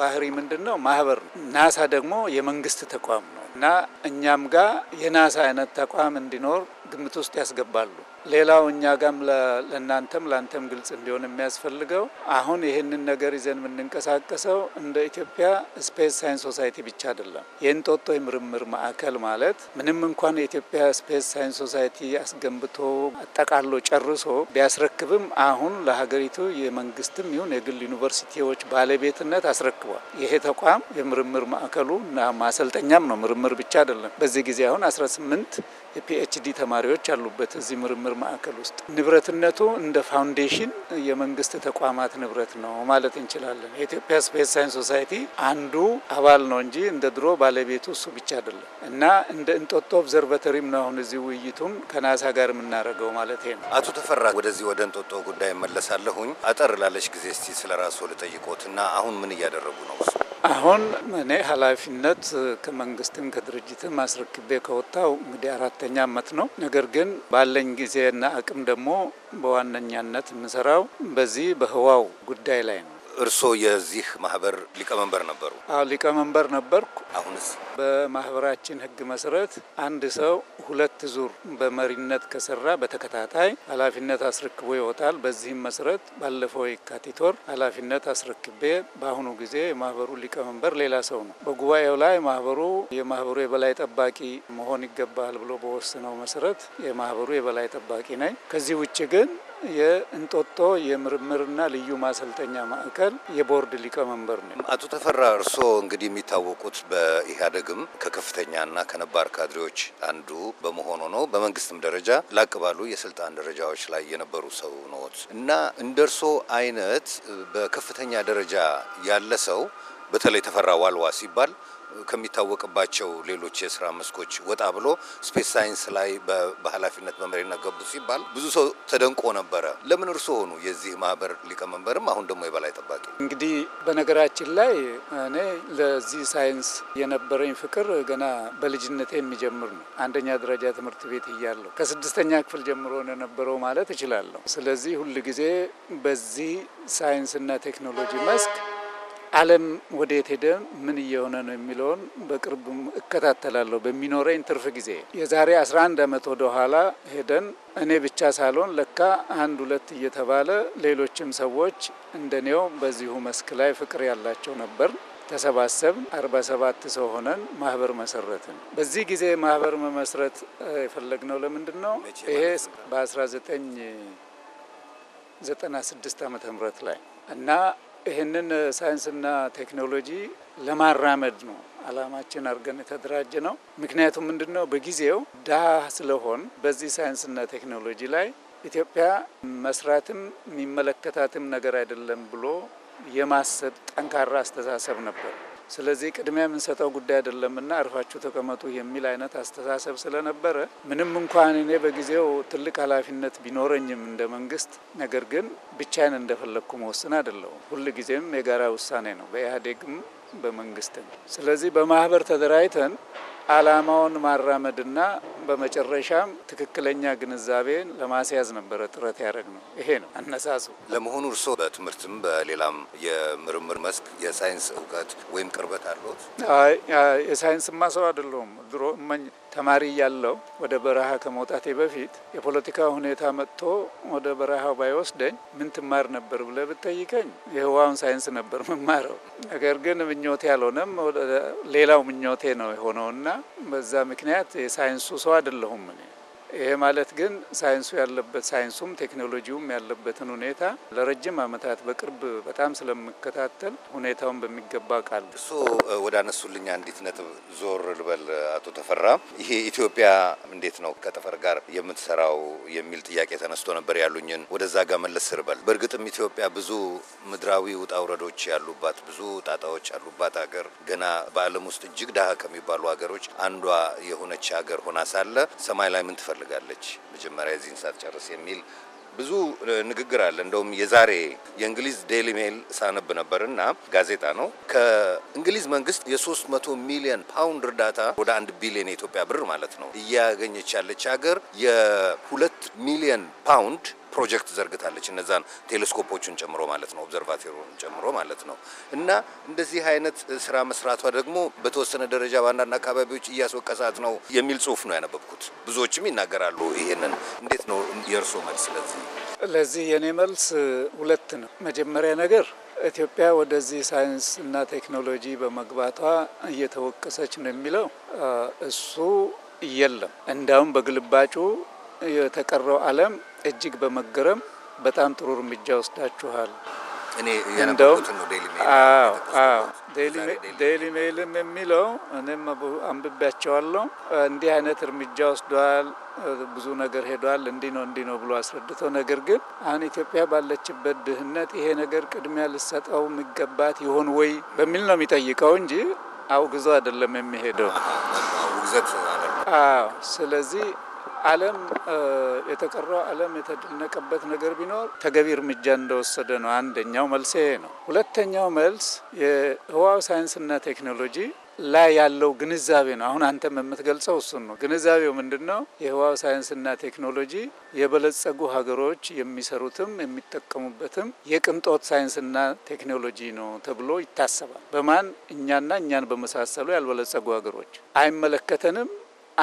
ባህሪ ምንድን ነው? ማህበር ነው። ናሳ ደግሞ የመንግስት ተቋም ነው እና እኛም ጋር የናሳ አይነት ተቋም እንዲኖር ግምት ውስጥ ያስገባሉ። ሌላው እኛ ጋም ለእናንተም ለአንተም ግልጽ እንዲሆን የሚያስፈልገው አሁን ይህንን ነገር ይዘን የምንንቀሳቀሰው እንደ ኢትዮጵያ ስፔስ ሳይንስ ሶሳይቲ ብቻ አይደለም። የእንጦጦ የምርምር ማዕከል ማለት ምንም እንኳን የኢትዮጵያ ስፔስ ሳይንስ ሶሳይቲ አስገንብቶ አጠቃሎ ጨርሶ ቢያስረክብም አሁን ለሀገሪቱ የመንግስትም ይሁን የግል ዩኒቨርሲቲዎች ባለቤትነት አስረክቧል። ይሄ ተቋም የምርምር ማዕከሉ እና ማሰልጠኛም ነው። ምርምር ብቻ አይደለም። በዚህ ጊዜ አሁን 18 የፒኤችዲ ተማሪዎች አሉበት እዚህ ምርምር ማዕከል ውስጥ ንብረትነቱ እንደ ፋውንዴሽን የመንግስት ተቋማት ንብረት ነው ማለት እንችላለን። የኢትዮጵያ ስፔስ ሳይንስ ሶሳይቲ አንዱ አባል ነው እንጂ እንደ ድሮ ባለቤቱ እሱ ብቻ አይደለም እና እንደ እንጦጦ ኦብዘርቫተሪም ነው አሁን እዚህ ውይይቱን ከናሳ ጋር የምናደርገው ማለት ነው። አቶ ተፈራ ወደዚህ ወደ እንጦጦ ጉዳይ መለሳለሁኝ። አጠር ላለች ጊዜ እስቲ ስለ ራሱ እና አሁን ምን እያደረጉ ነው እሱ አሁን እኔ ኃላፊነት ከመንግስትም ከድርጅትም አስረክቤ ከወጣው እንግዲህ አራተኛ አመት ነው። ነገር ግን ባለኝ ጊዜና አቅም ደግሞ በዋነኛነት የምሰራው በዚህ በህዋው ጉዳይ ላይ ነው። እርስዎ የዚህ ማህበር ሊቀመንበር ነበሩ? አዎ ሊቀመንበር ነበርኩ። አሁንስ? በማህበራችን ህግ መሰረት አንድ ሰው ሁለት ዙር በመሪነት ከሰራ በተከታታይ ኃላፊነት አስረክቦ ይወጣል። በዚህም መሰረት ባለፈው የካቲት ወር ኃላፊነት አስረክቤ በአሁኑ ጊዜ የማህበሩ ሊቀመንበር ሌላ ሰው ነው። በጉባኤው ላይ ማህበሩ የማህበሩ የበላይ ጠባቂ መሆን ይገባል ብሎ በወሰነው መሰረት የማህበሩ የበላይ ጠባቂ ነኝ። ከዚህ ውጭ ግን የእንጦጦ የምርምርና ልዩ ማሰልጠኛ ማዕከል የቦርድ ሊቀመንበር ነው። አቶ ተፈራ እርስዎ እንግዲህ የሚታወቁት በኢህአዴግም ከከፍተኛና ከነባር ካድሬዎች አንዱ በመሆኑ ነው። በመንግስትም ደረጃ ላቅ ባሉ የስልጣን ደረጃዎች ላይ የነበሩ ሰው ነዎት እና እንደ እርስዎ አይነት በከፍተኛ ደረጃ ያለ ሰው በተለይ ተፈራ ዋልዋ ሲባል ከሚታወቅባቸው ሌሎች የስራ መስኮች ወጣ ብሎ ስፔስ ሳይንስ ላይ በኃላፊነት በመሪነት ገቡ ሲባል ብዙ ሰው ተደንቆ ነበረ። ለምን እርስ ሆኑ የዚህ ማህበር ሊቀመንበርም አሁን ደግሞ የበላይ ጠባቂ? እንግዲህ በነገራችን ላይ እኔ ለዚህ ሳይንስ የነበረኝ ፍቅር ገና በልጅነት የሚጀምር ነው። አንደኛ ደረጃ ትምህርት ቤት እያለሁ ከስድስተኛ ክፍል ጀምሮ የነበረው ማለት እችላለሁ። ስለዚህ ሁል ጊዜ በዚህ ሳይንስና ቴክኖሎጂ መስክ ዓለም ወዴት ሄደ፣ ምን እየሆነ ነው የሚለውን በቅርብ እከታተላለሁ በሚኖረኝ ትርፍ ጊዜ። የዛሬ 11 ዓመት ወደ ኋላ ሄደን እኔ ብቻ ሳልሆን ለካ አንድ ሁለት እየተባለ ሌሎችም ሰዎች እንደኔው በዚሁ መስክ ላይ ፍቅር ያላቸው ነበር። ተሰባሰብ 47 ሰው ሆነን ማህበር መሰረትን። በዚህ ጊዜ ማህበር መመስረት የፈለግነው ለምንድን ነው? ይሄ በ1996 ዓ ምህረት ላይ እና ይህንን ሳይንስና ቴክኖሎጂ ለማራመድ ነው አላማችን አድርገን የተደራጀ ነው። ምክንያቱም ምንድን ነው በጊዜው ድሃ ስለሆን በዚህ ሳይንስና ቴክኖሎጂ ላይ ኢትዮጵያ መስራትም የሚመለከታትም ነገር አይደለም ብሎ የማሰብ ጠንካራ አስተሳሰብ ነበር። ስለዚህ ቅድሚያ የምንሰጠው ጉዳይ አይደለምና አርፋችሁ ተቀመጡ የሚል አይነት አስተሳሰብ ስለነበረ ምንም እንኳን እኔ በጊዜው ትልቅ ኃላፊነት ቢኖረኝም እንደ መንግስት፣ ነገር ግን ብቻዬን እንደፈለግኩ መወስን አይደለሁም። ጊዜም የጋራ ውሳኔ ነው በኢህአዴግም በመንግስትም። ስለዚህ በማህበር ተደራጅተን አላማውን ማራመድና በመጨረሻም ትክክለኛ ግንዛቤን ለማስያዝ ነበረ ጥረት ያደረግ ነው። ይሄ ነው አነሳሱ። ለመሆኑ እርስዎ በትምህርትም በሌላም የምርምር መስክ የሳይንስ እውቀት ወይም ቅርበት አለት? የሳይንስ ሰው አይደለሁም። ድሮ እመኝ ተማሪ ያለው ወደ በረሃ ከመውጣቴ በፊት የፖለቲካ ሁኔታ መጥቶ ወደ በረሃው ባይወስደኝ ምን ትማር ነበር ብለ ብትጠይቀኝ የህዋውን ሳይንስ ነበር መማረው። ነገር ግን ምኞቴ ያልሆነም ሌላው ምኞቴ ነው የሆነውና በዛ ምክንያት የሳይንሱ ሰው አይደለሁም እኔ ይሄ ማለት ግን ሳይንሱ ያለበት ሳይንሱም ቴክኖሎጂውም ያለበትን ሁኔታ ለረጅም ዓመታት በቅርብ በጣም ስለምከታተል ሁኔታውን በሚገባ ቃል እሱ ወደ አነሱልኝ አንዲት ነጥብ ዞር ልበል። አቶ ተፈራ፣ ይሄ ኢትዮጵያ እንዴት ነው ከጠፈር ጋር የምትሰራው የሚል ጥያቄ ተነስቶ ነበር ያሉኝን ወደዛ ጋር መለስ ልበል። በእርግጥም ኢትዮጵያ ብዙ ምድራዊ ውጣ ውረዶች ያሉባት ብዙ ጣጣዎች ያሉባት ሀገር ገና በዓለም ውስጥ እጅግ ድሃ ከሚባሉ ሀገሮች አንዷ የሆነች ሀገር ሆና ሳለ ሰማይ ላይ ምን ትፈልጋለች መጀመሪያ የዚህን ሳትጨርስ የሚል ብዙ ንግግር አለ። እንደውም የዛሬ የእንግሊዝ ዴይሊ ሜል ሳነብ ነበር እና ጋዜጣ ነው ከእንግሊዝ መንግስት የ300 ሚሊዮን ፓውንድ እርዳታ ወደ አንድ ቢሊዮን የኢትዮጵያ ብር ማለት ነው እያገኘች ያለች ሀገር የሁለት ሚሊዮን ፓውንድ ፕሮጀክት ዘርግታለች። እነዛን ቴሌስኮፖቹን ጨምሮ ማለት ነው፣ ኦብዘርቫቶሪውን ጨምሮ ማለት ነው። እና እንደዚህ አይነት ስራ መስራቷ ደግሞ በተወሰነ ደረጃ በአንዳንድ አካባቢዎች እያስወቀሳት ነው የሚል ጽሁፍ ነው ያነበብኩት። ብዙዎችም ይናገራሉ ይሄንን። እንዴት ነው የእርሶ መልስ ለዚህ? ለዚህ የኔ መልስ ሁለት ነው። መጀመሪያ ነገር ኢትዮጵያ ወደዚህ ሳይንስ እና ቴክኖሎጂ በመግባቷ እየተወቀሰች ነው የሚለው እሱ የለም። እንዳውም በግልባጩ የተቀረው ዓለም እጅግ በመገረም በጣም ጥሩ እርምጃ ወስዳችኋል። እንደውም ዴይሊ ሜይልም የሚለው እኔም አንብቤያቸዋለሁ። እንዲህ አይነት እርምጃ ወስዷል፣ ብዙ ነገር ሄዷል፣ እንዲህ ነው እንዲህ ነው ብሎ አስረድተው፣ ነገር ግን አሁን ኢትዮጵያ ባለችበት ድህነት ይሄ ነገር ቅድሚያ ልሰጠው የሚገባት ይሆን ወይ በሚል ነው የሚጠይቀው እንጂ አውግዞ አይደለም የሚሄደው። ስለዚህ ዓለም የተቀረው ዓለም የተደነቀበት ነገር ቢኖር ተገቢ እርምጃ እንደወሰደ ነው። አንደኛው መልስ ይሄ ነው። ሁለተኛው መልስ የህዋው ሳይንስና ቴክኖሎጂ ላይ ያለው ግንዛቤ ነው። አሁን አንተም የምትገልጸው እሱን ነው። ግንዛቤው ምንድን ነው? የህዋው ሳይንስና ቴክኖሎጂ የበለጸጉ ሀገሮች የሚሰሩትም የሚጠቀሙበትም የቅንጦት ሳይንስና ቴክኖሎጂ ነው ተብሎ ይታሰባል። በማን እኛና እኛን በመሳሰሉ ያልበለጸጉ ሀገሮች አይመለከተንም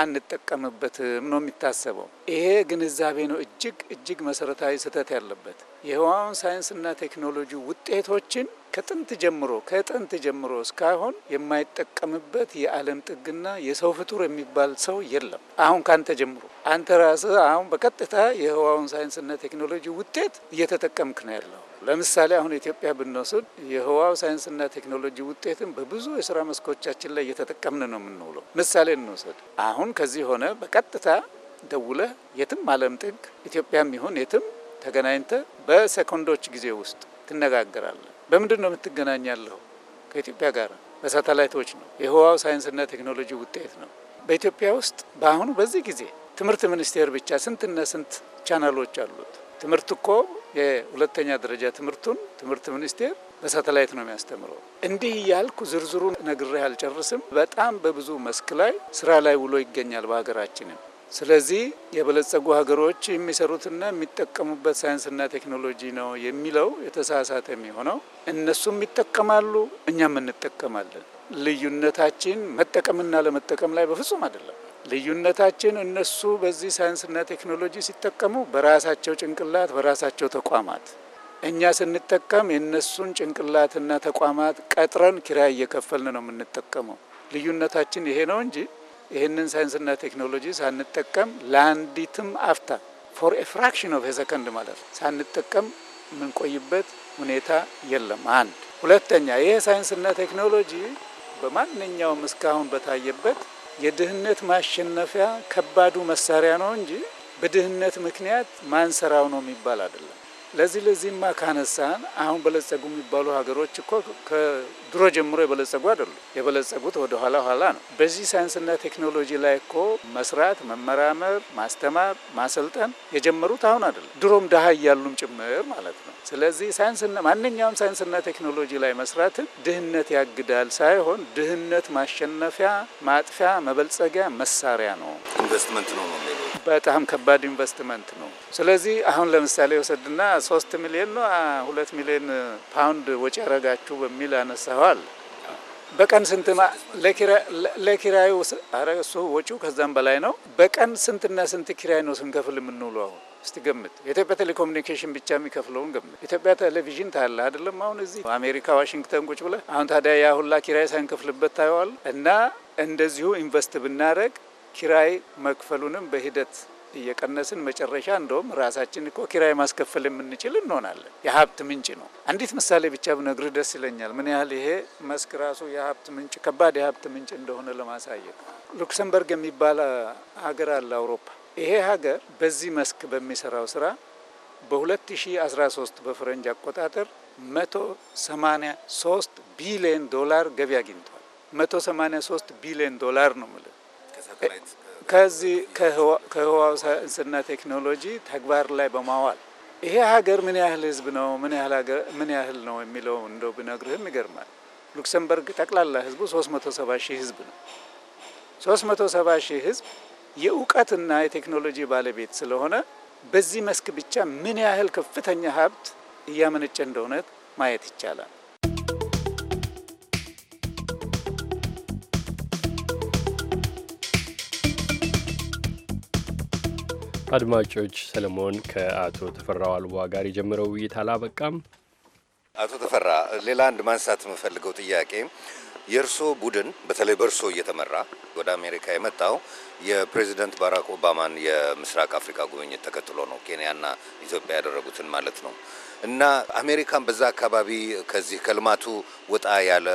አንጠቀምበትም ነው የሚታሰበው። ይሄ ግንዛቤ ነው እጅግ እጅግ መሰረታዊ ስህተት ያለበት። የህዋውን ሳይንስና ቴክኖሎጂ ውጤቶችን ከጥንት ጀምሮ ከጥንት ጀምሮ እስካሁን የማይጠቀምበት የዓለም ጥግና የሰው ፍጡር የሚባል ሰው የለም። አሁን ካንተ ጀምሮ አንተ ራስህ አሁን በቀጥታ የህዋውን ሳይንስና ቴክኖሎጂ ውጤት እየተጠቀምክ ነው ያለው። ለምሳሌ አሁን ኢትዮጵያ ብንወስድ የህዋው ሳይንስና ቴክኖሎጂ ውጤትን በብዙ የስራ መስኮቻችን ላይ እየተጠቀምን ነው የምንውለው። ምሳሌ እንወስድ። አሁን ከዚህ ሆነ በቀጥታ ደውለህ የትም ዓለም ጥግ ኢትዮጵያም ይሁን የትም ተገናኝተ በሴኮንዶች ጊዜ ውስጥ ትነጋገራለ በምንድን ነው የምትገናኛለሁ? ከኢትዮጵያ ጋር በሳተላይቶች ነው። የህዋው ሳይንስና ቴክኖሎጂ ውጤት ነው። በኢትዮጵያ ውስጥ በአሁኑ በዚህ ጊዜ ትምህርት ሚኒስቴር ብቻ ስንትና ስንት ቻናሎች አሉት። ትምህርት እኮ የሁለተኛ ደረጃ ትምህርቱን ትምህርት ሚኒስቴር በሳተላይት ነው የሚያስተምረው። እንዲህ እያልኩ ዝርዝሩን ነግሬህ አልጨርስም። በጣም በብዙ መስክ ላይ ስራ ላይ ውሎ ይገኛል በሀገራችንም ስለዚህ የበለጸጉ ሀገሮች የሚሰሩትና የሚጠቀሙበት ሳይንስና ቴክኖሎጂ ነው የሚለው የተሳሳተ የሚሆነው። እነሱም ይጠቀማሉ፣ እኛም እንጠቀማለን። ልዩነታችን መጠቀምና ለመጠቀም ላይ በፍጹም አይደለም። ልዩነታችን እነሱ በዚህ ሳይንስና ቴክኖሎጂ ሲጠቀሙ በራሳቸው ጭንቅላት በራሳቸው ተቋማት፣ እኛ ስንጠቀም የእነሱን ጭንቅላትና ተቋማት ቀጥረን ኪራይ እየከፈልን ነው የምንጠቀመው። ልዩነታችን ይሄ ነው እንጂ ይህንን ሳይንስና ቴክኖሎጂ ሳንጠቀም ለአንዲትም አፍታ ፎር ኤ ፍራክሽን ኦፍ ሰከንድ ማለት ነው ሳንጠቀም የምንቆይበት ሁኔታ የለም። አንድ ሁለተኛ፣ ይሄ ሳይንስና ቴክኖሎጂ በማንኛውም እስካሁን በታየበት የድህነት ማሸነፊያ ከባዱ መሳሪያ ነው እንጂ በድህነት ምክንያት ማንሰራው ነው የሚባል አይደለም። ለዚህ ለዚህማ ካነሳን አሁን በለጸጉ የሚባሉ ሀገሮች እኮ ከድሮ ጀምሮ የበለጸጉ አይደሉ። የበለጸጉት ወደ ኋላ ኋላ ነው። በዚህ ሳይንስና ቴክኖሎጂ ላይ እኮ መስራት፣ መመራመር፣ ማስተማር፣ ማሰልጠን የጀመሩት አሁን አይደለም፣ ድሮም ድሀ እያሉም ጭምር ማለት ነው። ስለዚህ ሳይንስና ማንኛውም ሳይንስና ቴክኖሎጂ ላይ መስራትን ድህነት ያግዳል ሳይሆን ድህነት ማሸነፊያ፣ ማጥፊያ፣ መበልጸጊያ መሳሪያ ነው። ኢንቨስትመንት ነው በጣም ከባድ ኢንቨስትመንት ነው። ስለዚህ አሁን ለምሳሌ ወሰድና ሶስት ሚሊዮን ነው ሁለት ሚሊዮን ፓውንድ ወጪ ያረጋችሁ በሚል አነሳዋል። በቀን ስንት ለኪራዩ? ኧረ እሱ ወጪው ከዛም በላይ ነው። በቀን ስንትና ስንት ኪራይ ነው ስንከፍል የምንውሉ? አሁን እስቲ ገምት። የኢትዮጵያ ቴሌኮሙኒኬሽን ብቻ የሚከፍለውን ገምት። ኢትዮጵያ ቴሌቪዥን ታለ አይደለም? አሁን እዚህ አሜሪካ ዋሽንግተን ቁጭ ብለ አሁን ታዲያ ያ ሁላ ኪራይ ሳንከፍልበት ታየዋል። እና እንደዚሁ ኢንቨስት ብናደረግ ኪራይ መክፈሉንም በሂደት እየቀነስን መጨረሻ እንደውም ራሳችን እኮ ኪራይ ማስከፈል የምንችል እንሆናለን። የሀብት ምንጭ ነው። አንዲት ምሳሌ ብቻ ብነግር ደስ ይለኛል። ምን ያህል ይሄ መስክ ራሱ የሀብት ምንጭ ከባድ የሀብት ምንጭ እንደሆነ ለማሳየት ሉክሰምበርግ የሚባል ሀገር አለ አውሮፓ። ይሄ ሀገር በዚህ መስክ በሚሰራው ስራ በ2013 በፈረንጅ አቆጣጠር 183 ቢሊዮን ዶላር ገቢ አግኝቷል። 183 ቢሊዮን ዶላር ነው የምልህ ከዚህ ከህዋሳና ቴክኖሎጂ ተግባር ላይ በማዋል ይሄ ሀገር ምን ያህል ህዝብ ነው ምን ያህል ነው የሚለው እንደ ብነግርህም ይገርማል። ሉክሰምበርግ ጠቅላላ ህዝቡ 370 ሺህ ህዝብ ነው። 370 ሺህ ህዝብ የእውቀትና የቴክኖሎጂ ባለቤት ስለሆነ በዚህ መስክ ብቻ ምን ያህል ከፍተኛ ሀብት እያመነጨ እንደሆነ ማየት ይቻላል። አድማጮች፣ ሰለሞን ከአቶ ተፈራው አልቧ ጋር የጀመረው ውይይት አላበቃም። አቶ ተፈራ፣ ሌላ አንድ ማንሳት የምፈልገው ጥያቄ የእርሶ ቡድን በተለይ በእርሶ እየተመራ ወደ አሜሪካ የመጣው የፕሬዚደንት ባራክ ኦባማን የምስራቅ አፍሪካ ጉብኝት ተከትሎ ነው። ኬንያና ኢትዮጵያ ያደረጉትን ማለት ነው። እና አሜሪካን በዛ አካባቢ ከዚህ ከልማቱ ወጣ ያለ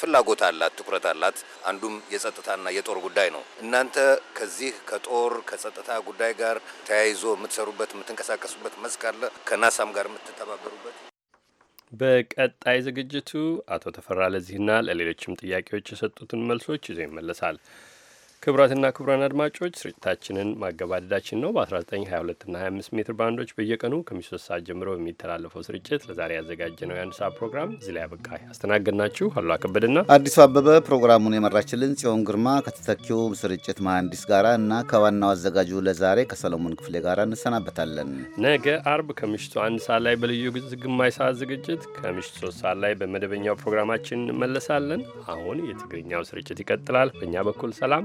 ፍላጎት አላት፣ ትኩረት አላት። አንዱም የጸጥታና የጦር ጉዳይ ነው። እናንተ ከዚህ ከጦር ከጸጥታ ጉዳይ ጋር ተያይዞ የምትሰሩበት የምትንቀሳቀሱበት መስክ አለ? ከናሳም ጋር የምትተባበሩበት በቀጣይ ዝግጅቱ አቶ ተፈራ ለዚህና ለሌሎችም ጥያቄዎች የሰጡትን መልሶች ይዞ ይመለሳል። ክቡራትና ክቡራን አድማጮች ስርጭታችንን ማገባደዳችን ነው። በ1922 እና 25 ሜትር ባንዶች በየቀኑ ከምሽቱ ሶስት ሰዓት ጀምሮ የሚተላለፈው ስርጭት ለዛሬ ያዘጋጀ ነው የአንድ ሰዓት ፕሮግራም እዚህ ላይ አበቃ። አስተናገድናችሁ አሉ አከበድና አዲሱ አበበ፣ ፕሮግራሙን የመራችልን ጽዮን ግርማ ከተተኪው ስርጭት መሐንዲስ ጋራ እና ከዋናው አዘጋጁ ለዛሬ ከሰለሞን ክፍሌ ጋር እንሰናበታለን። ነገ አርብ ከምሽቱ አንድ ሰዓት ላይ በልዩ ግማሽ ሰዓት ዝግጅት ከምሽቱ ሶስት ሰዓት ላይ በመደበኛው ፕሮግራማችን እንመለሳለን። አሁን የትግርኛው ስርጭት ይቀጥላል። በእኛ በኩል ሰላም